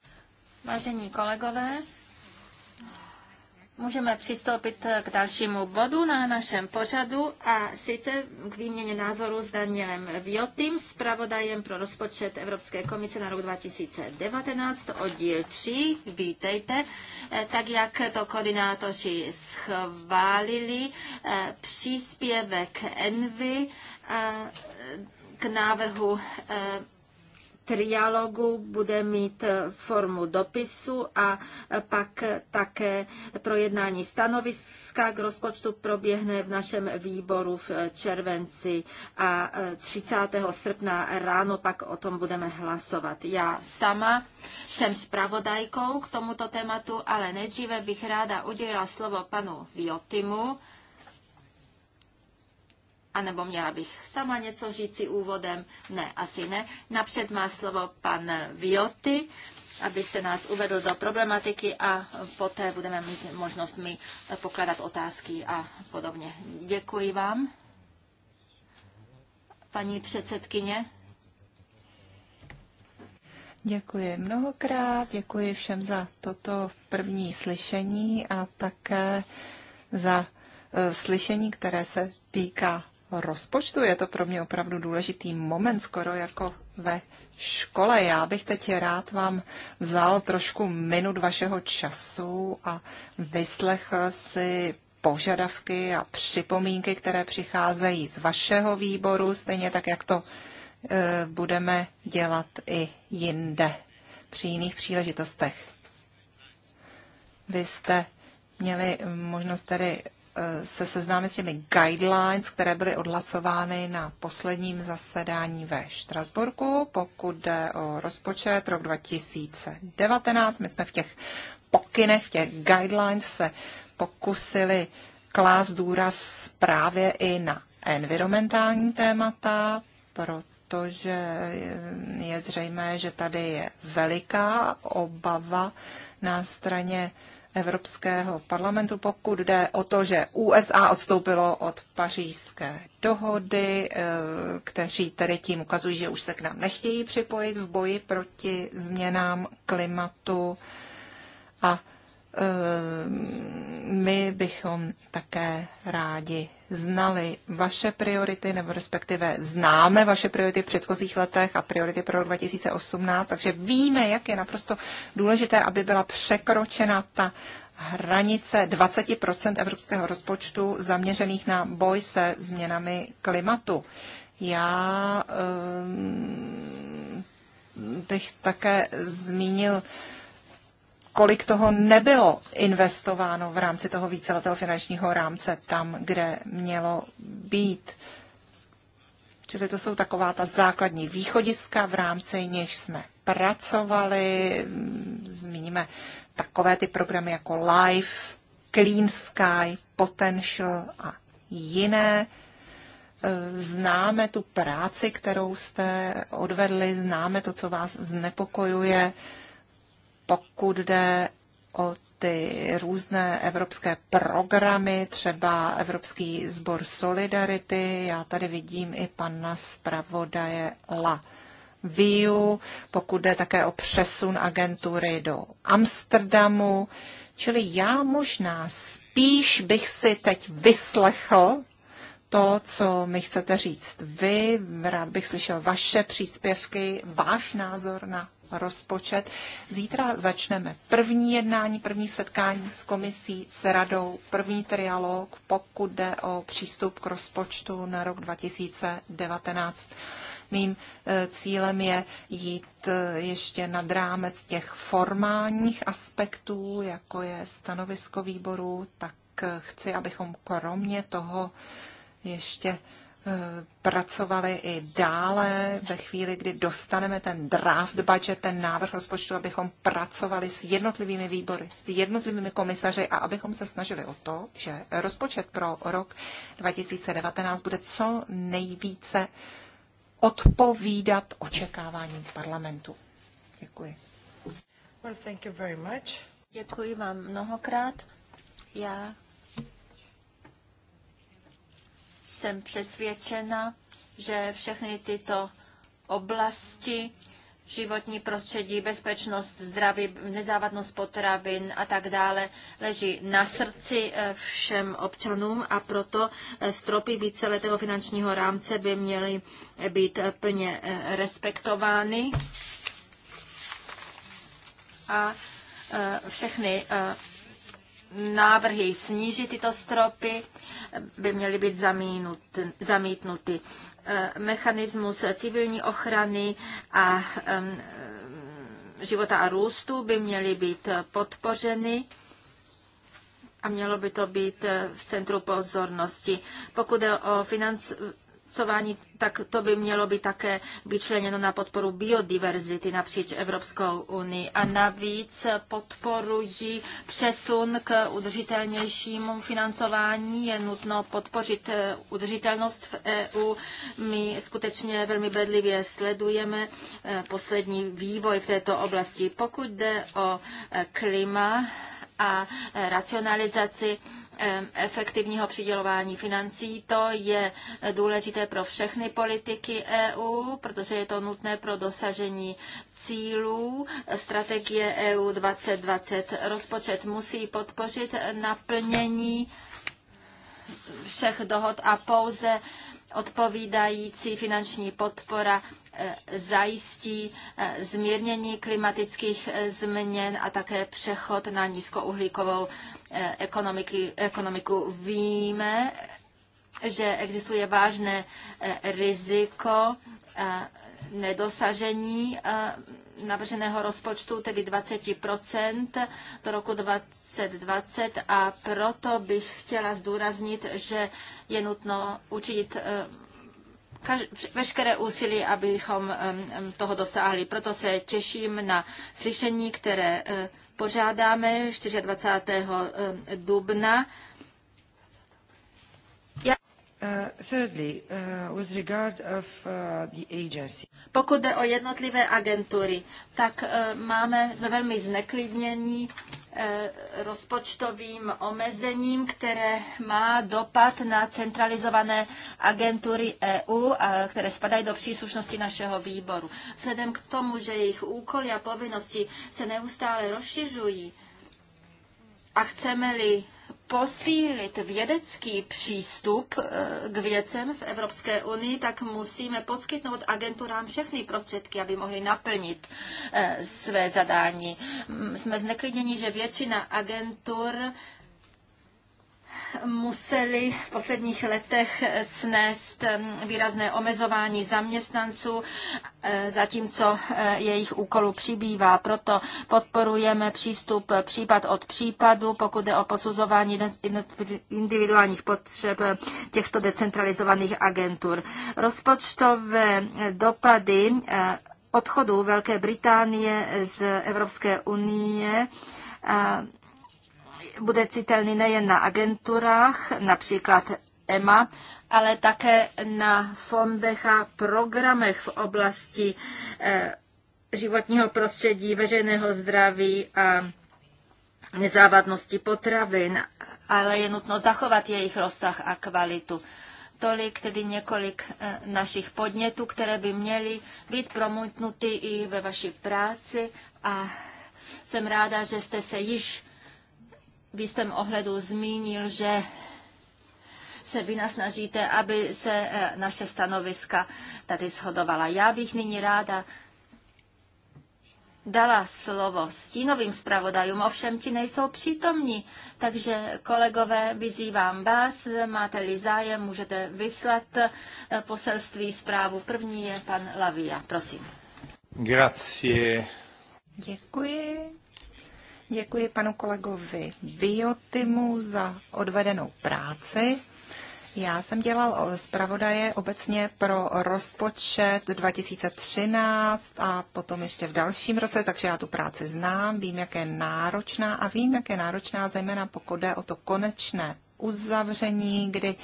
Vážení kolegové, můžeme přistoupit k dalšímu bodu na našem pořadu a sice k výměně názoru s Danielem Viotým, zpravodajem pro rozpočet Evropské komise na rok 2019, oddíl 3, vítejte, eh, tak jak to koordinátoři schválili, eh, příspěvek Envy eh, k návrhu eh, trialogu bude mít eh, formu dopisu a eh, pak také projednání stanoviska k rozpočtu proběhne v našem výboru v červenci a 30. srpna ráno pak o tom budeme hlasovat. Já sama jsem zpravodajkou k tomuto tématu, ale nejdříve bych ráda udělila slovo panu Viotimu, a nebo měla bych sama něco říci úvodem? Ne, asi ne. Napřed má slovo pan Vioty, abyste nás uvedl do problematiky a poté budeme mít možnost mi pokládat otázky a podobně. Děkuji vám. Paní předsedkyně. Děkuji mnohokrát, děkuji všem za toto první slyšení a také za e, slyšení, které se týká rozpočtu. Je to pro mě opravdu důležitý moment, skoro jako ve škole. Já bych teď rád vám vzal trošku minut vašeho času a vyslechl si požadavky a připomínky, které přicházejí z vašeho výboru, stejně tak, jak to e, budeme dělat i jinde při jiných příležitostech. Vy jste měli možnost tedy se seznámit s těmi guidelines, které byly odhlasovány na posledním zasedání ve Štrasburku. Pokud jde o rozpočet rok 2019, my jsme v těch pokynech, v těch guidelines se pokusili klást důraz právě i na environmentální témata, protože je zřejmé, že tady je veliká obava na straně Evropského parlamentu, pokud jde o to, že USA odstoupilo od pařížské dohody, eh, kteří tedy tím ukazují, že už se k nám nechtějí připojit v boji proti změnám klimatu a Ehm, my bychom také rádi znali vaše priority, nebo respektive známe vaše priority v předchozích letech a priority pro 2018, takže víme, jak je naprosto důležité, aby byla překročena ta hranice 20 evropského rozpočtu zaměřených na boj se změnami klimatu. Já um, bych také zmínil kolik toho nebylo investováno v rámci toho víceletého finančního rámce tam, kde mělo být. Čili to jsou taková ta základní východiska, v rámci něž jsme pracovali. Zmíníme takové ty programy jako LIFE, Clean Sky, Potential a jiné. Známe tu práci, kterou jste odvedli, známe to, co vás znepokojuje pokud jde o ty různé evropské programy, třeba Evropský sbor Solidarity, já tady vidím i pana zpravodaje La Viu, pokud jde také o přesun agentury do Amsterdamu. Čili já možná spíš bych si teď vyslechl to, co mi chcete říct vy. Rád bych slyšel vaše příspěvky, váš názor na rozpočet. Zítra začneme první jednání, první setkání s komisí, s radou, první trialog, pokud jde o přístup k rozpočtu na rok 2019. Mým eh, cílem je jít eh, ještě nad rámec těch formálních aspektů, jako je stanovisko výboru, tak eh, chci, abychom kromě toho ještě eh, pracovali i dále ve chvíli, kdy dostaneme ten draft budget, ten návrh rozpočtu, abychom pracovali s jednotlivými výbory, s jednotlivými komisaři a abychom se snažili o to, že rozpočet pro rok 2019 bude co nejvíce odpovídat očekáváním parlamentu. Děkuji. Well, thank you very much. Děkuji vám mnohokrát. Já Jsem přesvědčena, že všechny tyto oblasti životní prostředí, bezpečnost, zdraví, nezávadnost potravin a tak dále leží na srdci eh, všem občanům a proto eh, stropy víceletého finančního rámce by měly eh, být plně respektovány. A všechny návrhy snížit tyto stropy by měly být zamínut, zamítnuty. Eh, mechanismus civilní ochrany a života a růstu by měly být podpořeny a mělo by to být eh, v centru pozornosti. Pokud je o financování, financování, tak to by mělo být také vyčleněno na podporu biodiverzity napříč Evropskou unii. A navíc podporují přesun k udržitelnějšímu financování. Je nutno podpořit eh, udržitelnost v EU. My skutečně velmi bedlivě sledujeme eh, poslední vývoj v této oblasti. Pokud jde o eh, klima, a racionalizaci efektivního přidělování financí. To je důležité pro všechny politiky EU, protože je to nutné pro dosažení cílů strategie EU 2020. Rozpočet musí podpořit naplnění všech dohod a pouze odpovídající finanční podpora e, zajistí e, zmírnění klimatických e, změn a také přechod na nízkouhlíkovou ekonomiky, ekonomiku. Víme, že existuje vážné riziko nedosažení navrženého rozpočtu, tedy 20 do roku 2020 a proto bych chtěla zdůraznit, že je nutno učinit eh, veškeré úsilí, abychom eh, toho dosáhli. Proto se těším na slyšení, které eh, požádáme 24. dubna Uh, thirdly, uh, with regard of uh, the agency. Pokud jde o jednotlivé agentury, tak máme, jsme velmi zneklidnění rozpočtovým omezením, které má dopad na centralizované agentury EU, které spadají do příslušnosti našeho výboru. Vzhledem k tomu, že jejich úkoly a povinnosti se neustále rozšiřují a chceme-li posílit vědecký přístup eh, k věcem v Evropské unii, tak musíme poskytnout agenturám všechny prostředky, aby mohli naplnit eh, své zadání. Jsme zneklidněni, že většina agentur museli v posledních letech snést výrazné omezování zaměstnanců, e, zatímco e, jejich úkolů přibývá. Proto podporujeme přístup e, případ od případu, pokud je o posuzování individuálních potřeb těchto decentralizovaných agentur. Rozpočtové dopady odchodu Velké Británie z Evropské unie bude citelný nejen na agenturách, například EMA, ale také na fondech a programech v oblasti eh, životního prostředí, veřejného zdraví a nezávadnosti potravin, ale je nutno zachovat jejich rozsah a kvalitu. Tolik tedy několik eh, našich podnětů, které by měly být promutnuty i ve vaší práci a jsem ráda, že jste se již v jistém ohledu zmínil, že se vy nasnažíte, aby se eh, naše stanoviska tady shodovala. Já bych nyní ráda dala slovo stínovým zpravodajům, ovšem ti nejsou přítomní, takže kolegové, vyzývám vás, máte-li zájem, můžete vyslat eh, poselství zprávu. První je pan Lavia, prosím. Grazie. Děkuji. Děkuji panu kolegovi Biotimu za odvedenou práci. Já jsem dělal zpravodaje obecně pro rozpočet 2013 a potom ještě v dalším roce, takže já tu práci znám, vím, jak je náročná a vím, jak je náročná, zejména pokud jde o to konečné uzavření, kdy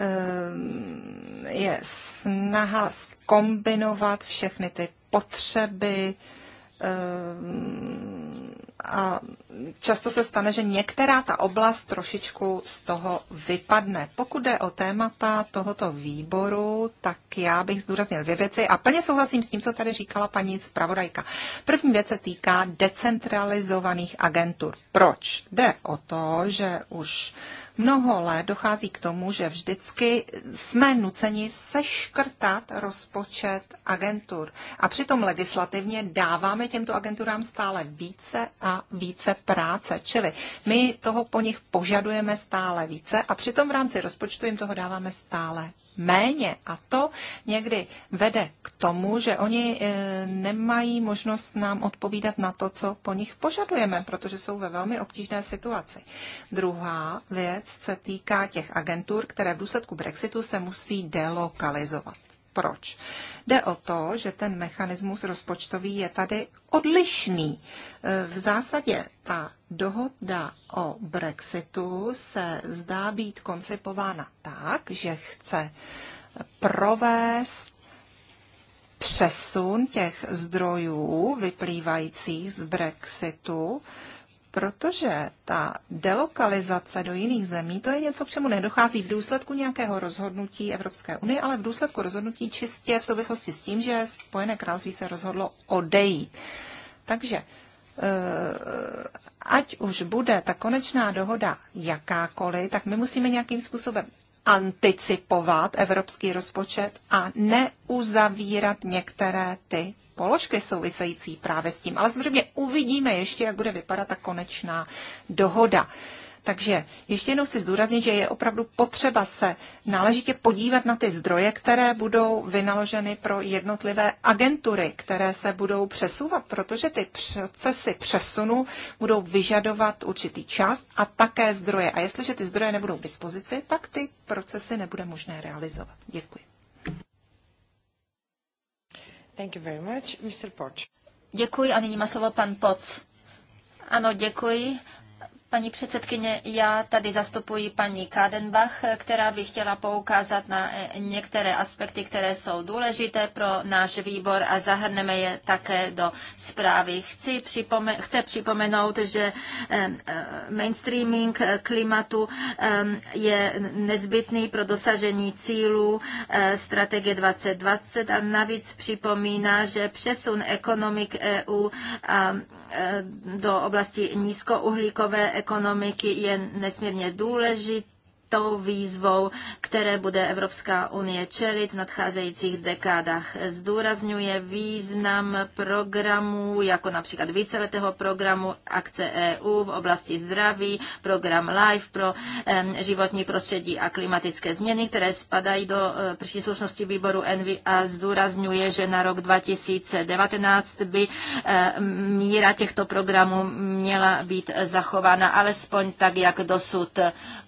eh, je snaha kombinovat všechny ty potřeby, eh, často se stane, že některá ta oblast trošičku z toho vypadne. Pokud jde o témata tohoto výboru, tak já bych zdůraznil dvě věci a plně souhlasím s tím, co tady říkala paní zpravodajka. První věc se týká decentralizovaných agentur. Proč? Jde o to, že už mnoho let dochází k tomu, že vždycky jsme nuceni seškrtat rozpočet agentur. A přitom legislativně dáváme těmto agenturám stále více a více práce. Čili my toho po nich požadujeme stále více a přitom v rámci rozpočtu jim toho dáváme stále méně. A to někdy vede k tomu, že oni e, nemají možnost nám odpovídat na to, co po nich požadujeme, protože jsou ve velmi obtížné situaci. Druhá věc se týká těch agentur, které v důsledku Brexitu se musí delokalizovat. Proč? Jde o to, že ten mechanismus rozpočtový je tady odlišný. E, v zásadě ta dohoda o Brexitu se zdá být koncipována tak, že chce provést přesun těch zdrojů vyplývajících z Brexitu protože ta delokalizace do jiných zemí, to je něco, k čemu nedochází v důsledku nějakého rozhodnutí Evropské unie, ale v důsledku rozhodnutí čistě v souvislosti s tím, že Spojené království se rozhodlo odejít. Takže eh, ať už bude ta konečná dohoda jakákoliv, tak my musíme nějakým způsobem anticipovat evropský rozpočet a neuzavírat některé ty položky související právě s tím. Ale samozřejmě uvidíme ještě, jak bude vypadat ta konečná dohoda. Takže ještě jednou chci zdůraznit, že je opravdu potřeba se náležitě podívat na ty zdroje, které budou vynaloženy pro jednotlivé agentury, které se budou přesouvat, protože ty procesy přesunu budou vyžadovat určitý čas a také zdroje. A jestliže ty zdroje nebudou k dispozici, tak ty procesy nebude možné realizovat. Děkuji. Thank you very much, Mr. Poč. Děkuji a nyní má slovo pan Poc. Ano, děkuji. Paní předsedkyně, já tady zastupuji paní Kadenbach, která by chtěla poukázat na eh, některé aspekty, které jsou důležité pro náš výbor a zahrneme je také do zprávy. Chci připome- chce připomenout, že eh, eh, mainstreaming klimatu je nezbytný pro dosažení cílů strategie 2020 a navíc připomíná, že přesun ekonomik EU do oblasti nízkouhlíkové ekonomiky je nesmírně důležitý tou výzvou, které bude Evropská unie čelit v nadcházejících dekádách. Zdůrazňuje význam programů, jako například víceletého programu Akce EU v oblasti zdraví, program LIFE pro životní prostředí a klimatické změny, které spadají do e, příslušnosti výboru ENVI a zdůrazňuje, že na rok 2019 by e, míra těchto programů měla být zachována alespoň tak, jak dosud.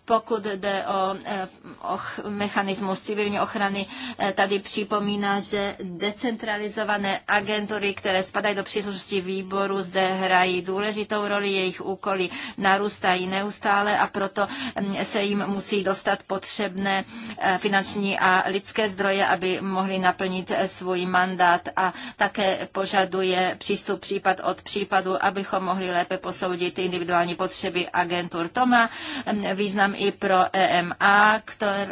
Pokud jde o eh, och, mechanismus civilní ochrany eh, tady připomíná, že decentralizované agentury, které spadají do příslušnosti výboru, zde hrají důležitou roli, jejich úkoly narůstají neustále a proto mm, se jim musí dostat potřebné eh, finanční a lidské zdroje, aby mohli naplnit svůj mandát a také požaduje přístup případ od případu, abychom mohli lépe posoudit individuální potřeby agentur. To má mm, význam i pro EMA,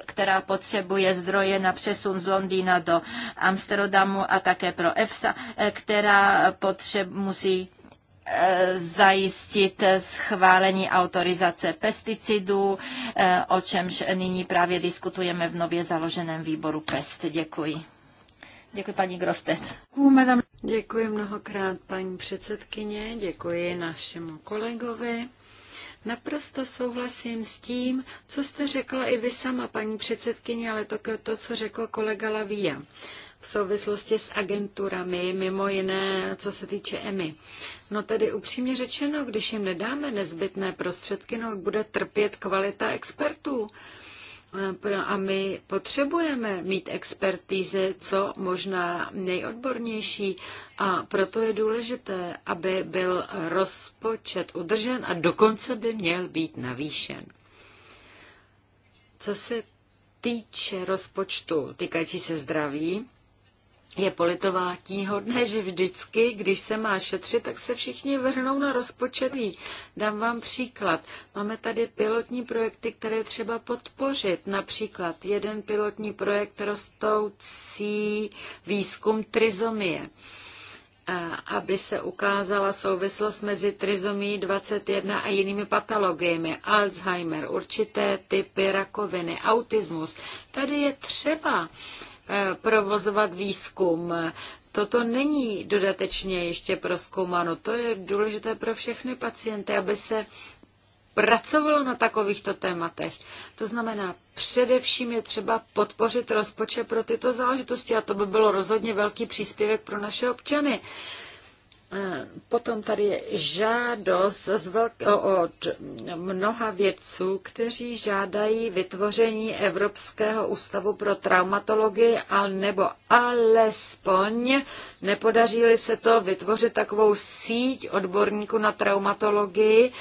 která potřebuje zdroje na přesun z Londýna do Amsterdamu a také pro EFSA, e, která potřeb, musí e, zajistit schválení autorizace pesticidů, e, o čemž nyní právě diskutujeme v nově založeném výboru PEST. Děkuji. Děkuji paní Grostet. Děkuji mnohokrát paní předsedkyně, děkuji našemu kolegovi. Naprosto souhlasím s tím, co jste řekla i vy sama, paní předsedkyně, ale to, to co řekl kolega Lavia v souvislosti s agenturami, mimo jiné, co se týče EMI. No tedy upřímně řečeno, když jim nedáme nezbytné prostředky, no bude trpět kvalita expertů a my potřebujeme mít expertízy co možná nejodbornější a proto je důležité, aby byl rozpočet udržen a dokonce by měl být navýšen. Co se týče rozpočtu týkající se zdraví, je politová hodné, že vždycky, když se má šetřit, tak se všichni vrhnou na rozpočetí. Dám vám příklad. Máme tady pilotní projekty, které třeba podpořit. Například jeden pilotní projekt rostoucí výzkum trizomie aby se ukázala souvislost mezi trizomí 21 a jinými patologiemi, Alzheimer, určité typy rakoviny, autismus. Tady je třeba Eh, provozovat výzkum. Toto není dodatečně ještě proskoumáno. To je důležité pro všechny pacienty, aby se pracovalo na takovýchto tématech. To znamená, především je třeba podpořit rozpočet pro tyto záležitosti a to by bylo rozhodně velký příspěvek pro naše občany. Potom tady je žádost z velk- od mnoha vědců, kteří žádají vytvoření Evropského ústavu pro traumatologii, ale nebo alespoň nepodaří se to vytvořit takovou síť odborníků na traumatologii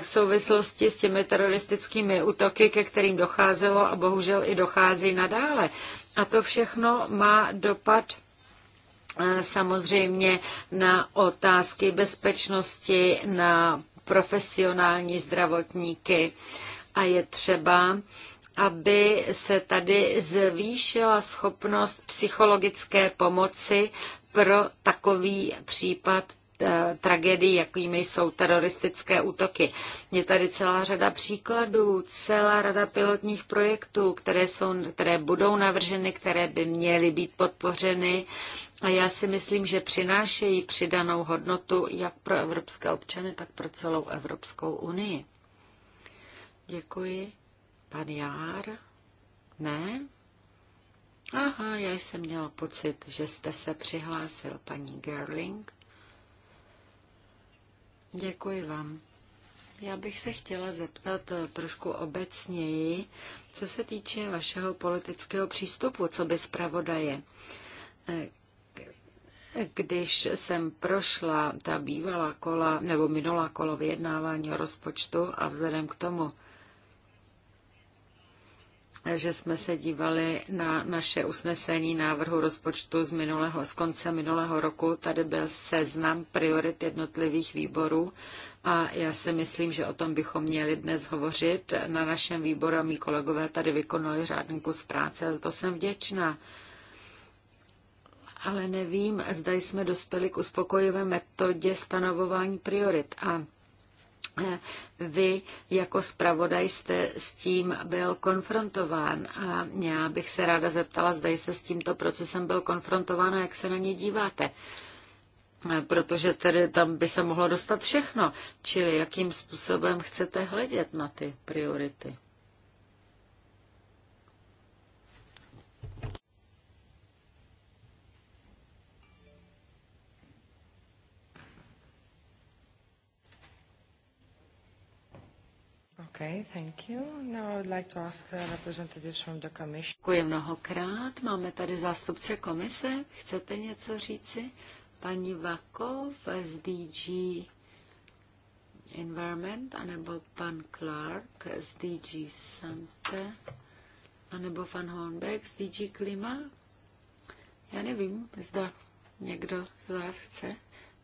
v souvislosti s těmi teroristickými útoky, ke kterým docházelo a bohužel i dochází nadále. A to všechno má dopad samozřejmě na otázky bezpečnosti, na profesionální zdravotníky a je třeba, aby se tady zvýšila schopnost psychologické pomoci pro takový případ Eh, tragédií, jakými jsou teroristické útoky. Je tady celá řada příkladů, celá rada pilotních projektů, které, jsou, které budou navrženy, které by měly být podpořeny. A já si myslím, že přinášejí přidanou hodnotu jak pro evropské občany, tak pro celou Evropskou unii. Děkuji. Pan Jár? Ne? Aha, já jsem měla pocit, že jste se přihlásil, paní Gerling. Děkuji vám. Já bych se chtěla zeptat eh, trošku obecněji, co se týče vašeho politického přístupu, co by zpravodaje. Eh, když jsem prošla ta bývalá kola nebo minulá kola vyjednávání o rozpočtu a vzhledem k tomu, že jsme se dívali na naše usnesení návrhu rozpočtu z, minulého, z konce minulého roku. Tady byl seznam priorit jednotlivých výborů a já si myslím, že o tom bychom měli dnes hovořit. Na našem výboru a mý kolegové tady vykonali řádný kus práce a za to jsem vděčná. Ale nevím, zda jsme dospěli k uspokojivé metodě stanovování priorit. A vy jako zpravodaj jste s tím byl konfrontován a já bych se ráda zeptala, zda jste s tímto procesem byl konfrontován a jak se na ně díváte. Eh, protože tedy tam by se mohlo dostat všechno. Čili jakým způsobem chcete hledět na ty priority? Děkuji mnohokrát. Máme tady zástupce komise. Chcete něco říci? Paní Vakov z DG Environment, anebo pan Clark z DG Sante, anebo pan Hornbeck z DG Klima? Já nevím, zda někdo z vás chce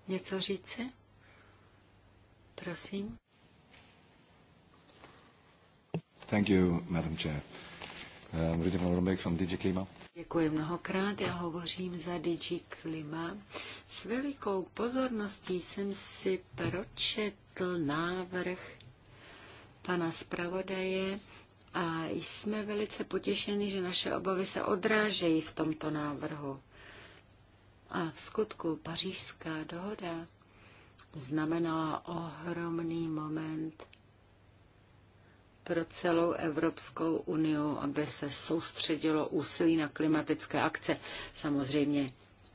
něco říci. Prosím. Thank you, Madam Chair. Uh, from DG Klima. Děkuji mnohokrát, já hovořím za DG Klima. S velikou pozorností jsem si pročetl návrh pana zpravodaje a jsme velice potěšeni, že naše obavy se odrážejí v tomto návrhu. A v skutku pařížská dohoda znamenala ohromný moment pro celou Evropskou unii, aby se soustředilo úsilí na klimatické akce. Samozřejmě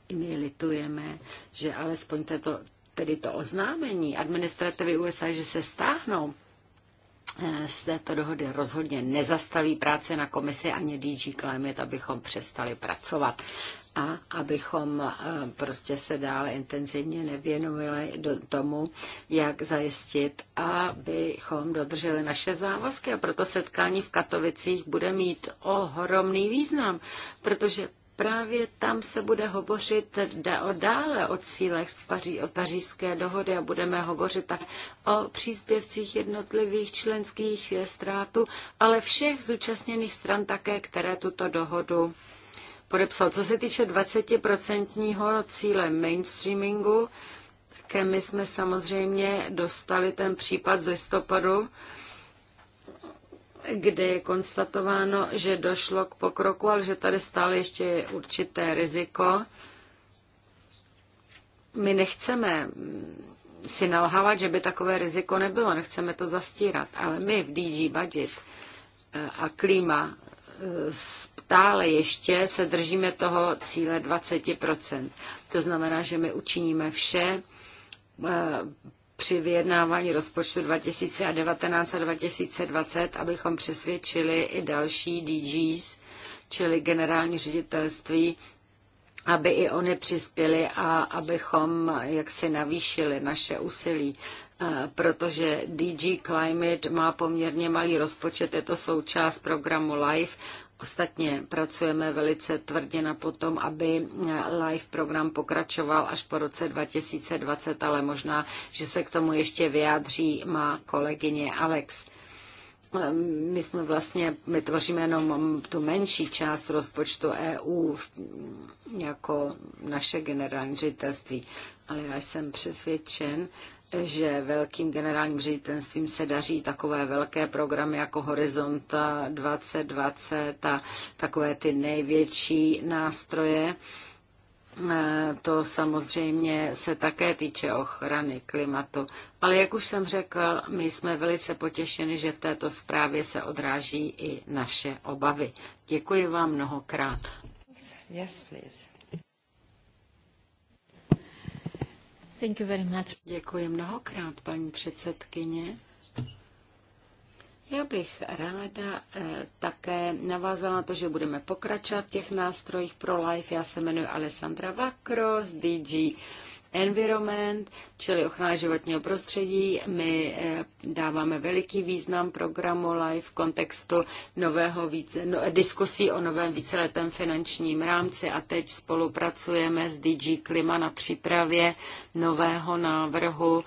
i my litujeme, že alespoň tato, tedy to oznámení administrativy USA, že se stáhnou eh, z této dohody rozhodně nezastaví práce na komisi ani DG Climate, abychom přestali pracovat a abychom eh, prostě se dále intenzivně nevěnovali do tomu, jak zajistit, abychom dodrželi naše závazky. A proto setkání v Katovicích bude mít ohromný význam, protože právě tam se bude hovořit o dále o cílech z Paří, o pařížské dohody a budeme hovořit tak o příspěvcích jednotlivých členských strátů, ale všech zúčastněných stran také, které tuto dohodu podepsal. Co se týče 20% cíle mainstreamingu, ke my jsme samozřejmě dostali ten případ z listopadu, kde je konstatováno, že došlo k pokroku, ale že tady stále ještě je určité riziko. My nechceme mm, si nalhávat, že by takové riziko nebylo, nechceme to zastírat, ale my v DG Budget eh, a klima eh, stále ještě se držíme toho cíle 20%. To znamená, že my učiníme vše eh, při vyjednávání rozpočtu 2019 a 2020, abychom přesvědčili i další DGs, čili generální ředitelství, aby i oni přispěli a abychom jaksi navýšili naše úsilí, eh, protože DG Climate má poměrně malý rozpočet, je to součást programu LIFE Ostatně pracujeme velice tvrdě na potom, aby live program pokračoval až po roce 2020, ale možná, že se k tomu ještě vyjádří má kolegyně Alex my jsme vlastně, my tvoříme jenom tu menší část rozpočtu EU jako naše generální ředitelství, ale já jsem přesvědčen, že velkým generálním ředitelstvím se daří takové velké programy jako Horizont 2020 a takové ty největší nástroje, Eh, to samozřejmě se také týče ochrany klimatu. Ale jak už jsem řekl, my jsme velice potěšeni, že v této zprávě se odráží i naše obavy. Děkuji vám mnohokrát. Yes, please. Thank you very much. Děkuji mnohokrát, paní předsedkyně. Já bych ráda eh, také navázala na to, že budeme pokračovat v těch nástrojích pro life. Já se jmenuji Alessandra Vakro z DG Environment, čili ochrana životního prostředí. My eh, dáváme veliký význam programu LIFE v kontextu nového více, no, diskusí o novém víceletém finančním rámci a teď spolupracujeme s DG Klima na přípravě nového návrhu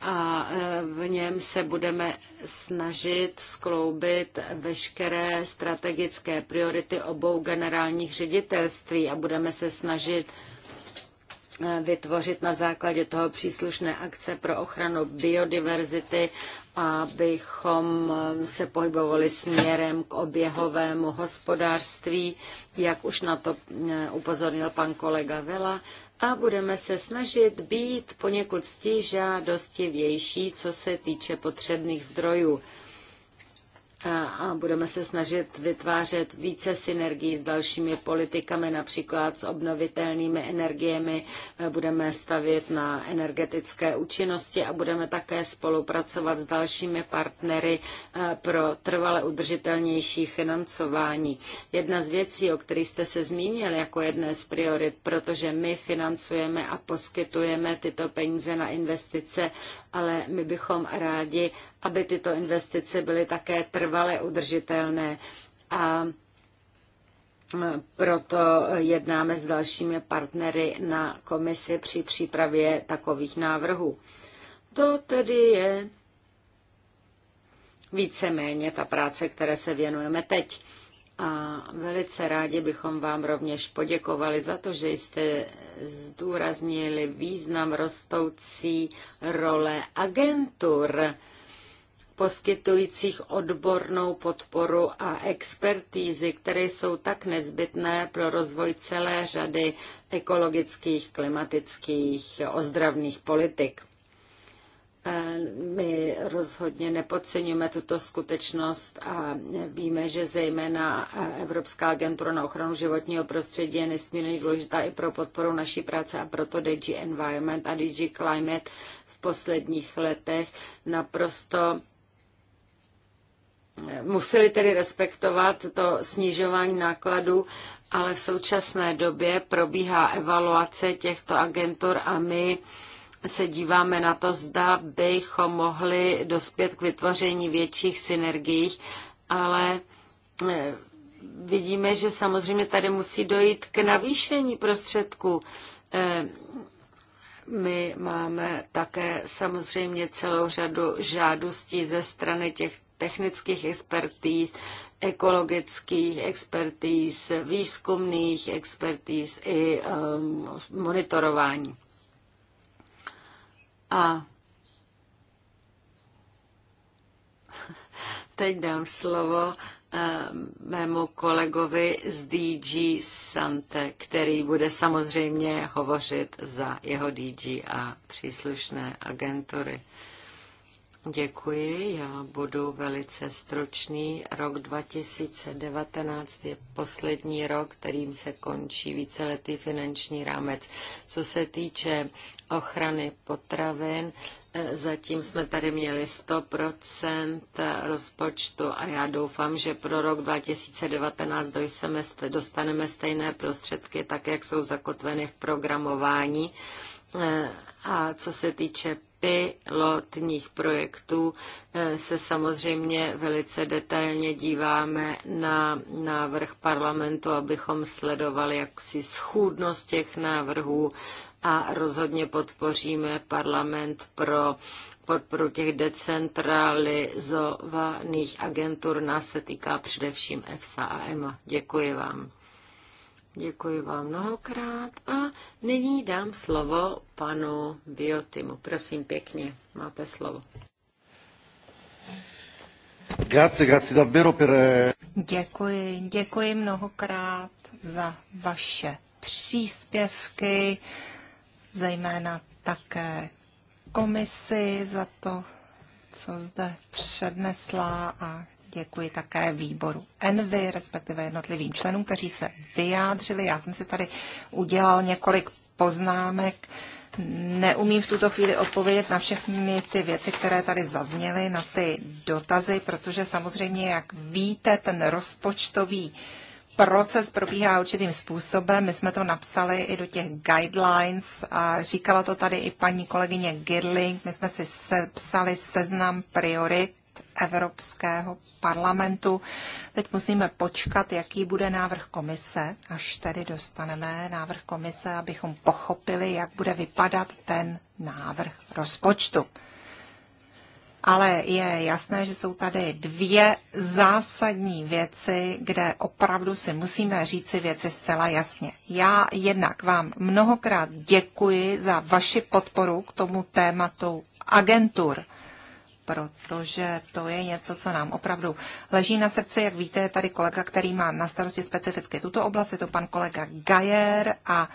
a e, v něm se budeme snažit skloubit veškeré strategické priority obou generálních ředitelství a budeme se snažit e, vytvořit na základě toho příslušné akce pro ochranu biodiverzity, abychom e, se pohybovali směrem k oběhovému hospodářství, jak už na to upozornil pan kolega Vela, a budeme se snažit být poněkud stížádostivější, co se týče potřebných zdrojů a budeme se snažit vytvářet více synergií s dalšími politikami, například s obnovitelnými energiemi. E, budeme stavět na energetické účinnosti a budeme také spolupracovat s dalšími partnery e, pro trvale udržitelnější financování. Jedna z věcí, o kterých jste se zmínil jako jedné z priorit, protože my financujeme a poskytujeme tyto peníze na investice, ale my bychom rádi aby tyto investice byly také trvale udržitelné a e, proto jednáme s dalšími partnery na komisi při přípravě takových návrhů. To tedy je víceméně ta práce, které se věnujeme teď. A velice rádi bychom vám rovněž poděkovali za to, že jste zdůraznili význam rostoucí role agentur poskytujících odbornou podporu a expertízy, které jsou tak nezbytné pro rozvoj celé řady ekologických, klimatických, ozdravných politik. E, my rozhodně nepodceňujeme tuto skutečnost a víme, že zejména Evropská agentura na ochranu životního prostředí je nesmírně důležitá i pro podporu naší práce a proto DG Environment a DG Climate v posledních letech naprosto museli tedy respektovat to snižování nákladů, ale v současné době probíhá evaluace těchto agentur a my se díváme na to, zda bychom mohli dospět k vytvoření větších synergií, ale eh, vidíme, že samozřejmě tady musí dojít k navýšení prostředků. Eh, my máme také samozřejmě celou řadu žádostí ze strany těch technických expertíz, ekologických expertíz, výzkumných expertíz i um, monitorování. A teď dám slovo um, mému kolegovi z DG Sante, který bude samozřejmě hovořit za jeho DG a příslušné agentury. Děkuji, já budu velice stručný. Rok 2019 je poslední rok, kterým se končí víceletý finanční rámec. Co se týče ochrany potravin, eh, zatím jsme tady měli 100% rozpočtu a já doufám, že pro rok 2019 dostaneme stejné prostředky, tak jak jsou zakotveny v programování. Eh, a co se týče pilotních projektů eh, se samozřejmě velice detailně díváme na návrh parlamentu, abychom sledovali jaksi schůdnost těch návrhů a rozhodně podpoříme parlament pro podporu těch decentralizovaných agentur. Nás se týká především EFSA a EMA. Děkuji vám. Děkuji vám mnohokrát a nyní dám slovo panu Biotimu. Prosím pěkně, máte slovo. Grazie, grazie davvero per... Eh, děkuji, děkuji mnohokrát za vaše příspěvky, zejména také komisi za to, co zde přednesla a Děkuji také výboru Envy, respektive jednotlivým členům, kteří se vyjádřili. Já jsem si tady udělal několik poznámek. Neumím v tuto chvíli odpovědět na všechny ty věci, které tady zazněly, na ty dotazy, protože samozřejmě, jak víte, ten rozpočtový proces probíhá určitým způsobem. My jsme to napsali i do těch guidelines a říkala to tady i paní kolegyně Girling. My jsme si sepsali seznam priorit Evropského parlamentu. Teď musíme počkat, jaký bude návrh komise, až tedy dostaneme návrh komise, abychom pochopili, jak bude vypadat ten návrh rozpočtu. Ale je jasné, že jsou tady dvě zásadní věci, kde opravdu si musíme říci věci zcela jasně. Já jednak vám mnohokrát děkuji za vaši podporu k tomu tématu agentur protože to je něco, co nám opravdu leží na srdci. Jak víte, je tady kolega, který má na starosti specificky tuto oblast, je to pan kolega Gajer a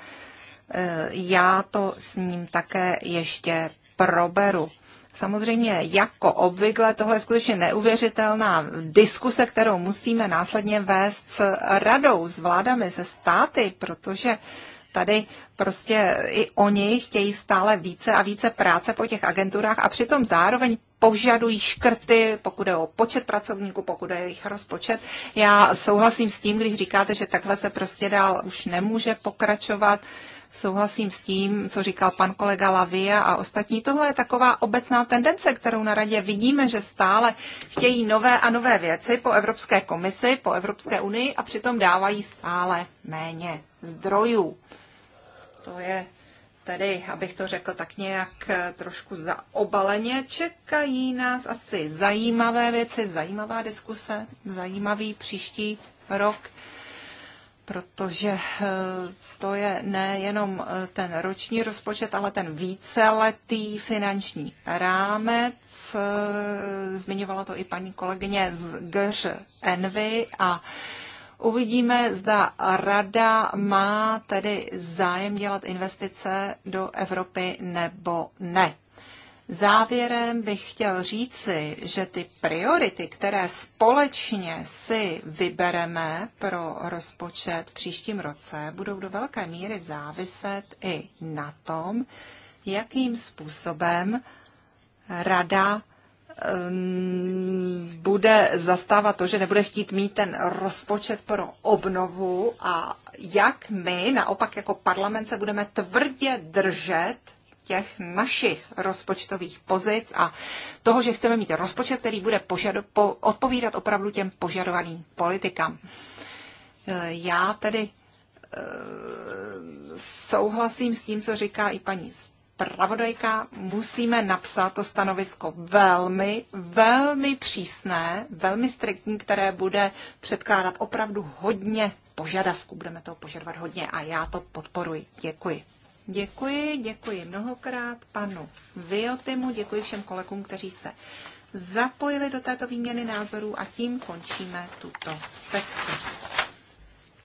e, já to s ním také ještě proberu. Samozřejmě, jako obvykle, tohle je skutečně neuvěřitelná diskuse, kterou musíme následně vést s radou, s vládami, se státy, protože tady prostě i oni chtějí stále více a více práce po těch agenturách a přitom zároveň požadují škrty, pokud je o počet pracovníků, pokud je jejich rozpočet. Já souhlasím s tím, když říkáte, že takhle se prostě dál už nemůže pokračovat. Souhlasím s tím, co říkal pan kolega Lavia a ostatní. Tohle je taková obecná tendence, kterou na radě vidíme, že stále chtějí nové a nové věci po Evropské komisi, po Evropské unii a přitom dávají stále méně zdrojů. To je tedy, abych to řekl tak nějak eh, trošku zaobaleně, čekají nás asi zajímavé věci, zajímavá diskuse, zajímavý příští rok, protože eh, to je nejenom eh, ten roční rozpočet, ale ten víceletý finanční rámec. Zmiňovala to i paní kolegyně z GŘ Envy a Uvidíme, zda rada má tedy zájem dělat investice do Evropy nebo ne. Závěrem bych chtěl říci, že ty priority, které společně si vybereme pro rozpočet v příštím roce, budou do velké míry záviset i na tom, jakým způsobem Rada bude zastávat to, že nebude chtít mít ten rozpočet pro obnovu a jak my naopak jako parlament se budeme tvrdě držet těch našich rozpočtových pozic a toho, že chceme mít rozpočet, který bude požado- po- odpovídat opravdu těm požadovaným politikám. E, já tedy e, souhlasím s tím, co říká i paní pravodajka, musíme napsat to stanovisko velmi, velmi přísné, velmi striktní, které bude předkládat opravdu hodně požadavků. Budeme toho požadovat hodně a já to podporuji. Děkuji. Děkuji, děkuji mnohokrát panu Viotimu, děkuji všem kolegům, kteří se zapojili do této výměny názorů a tím končíme tuto sekci.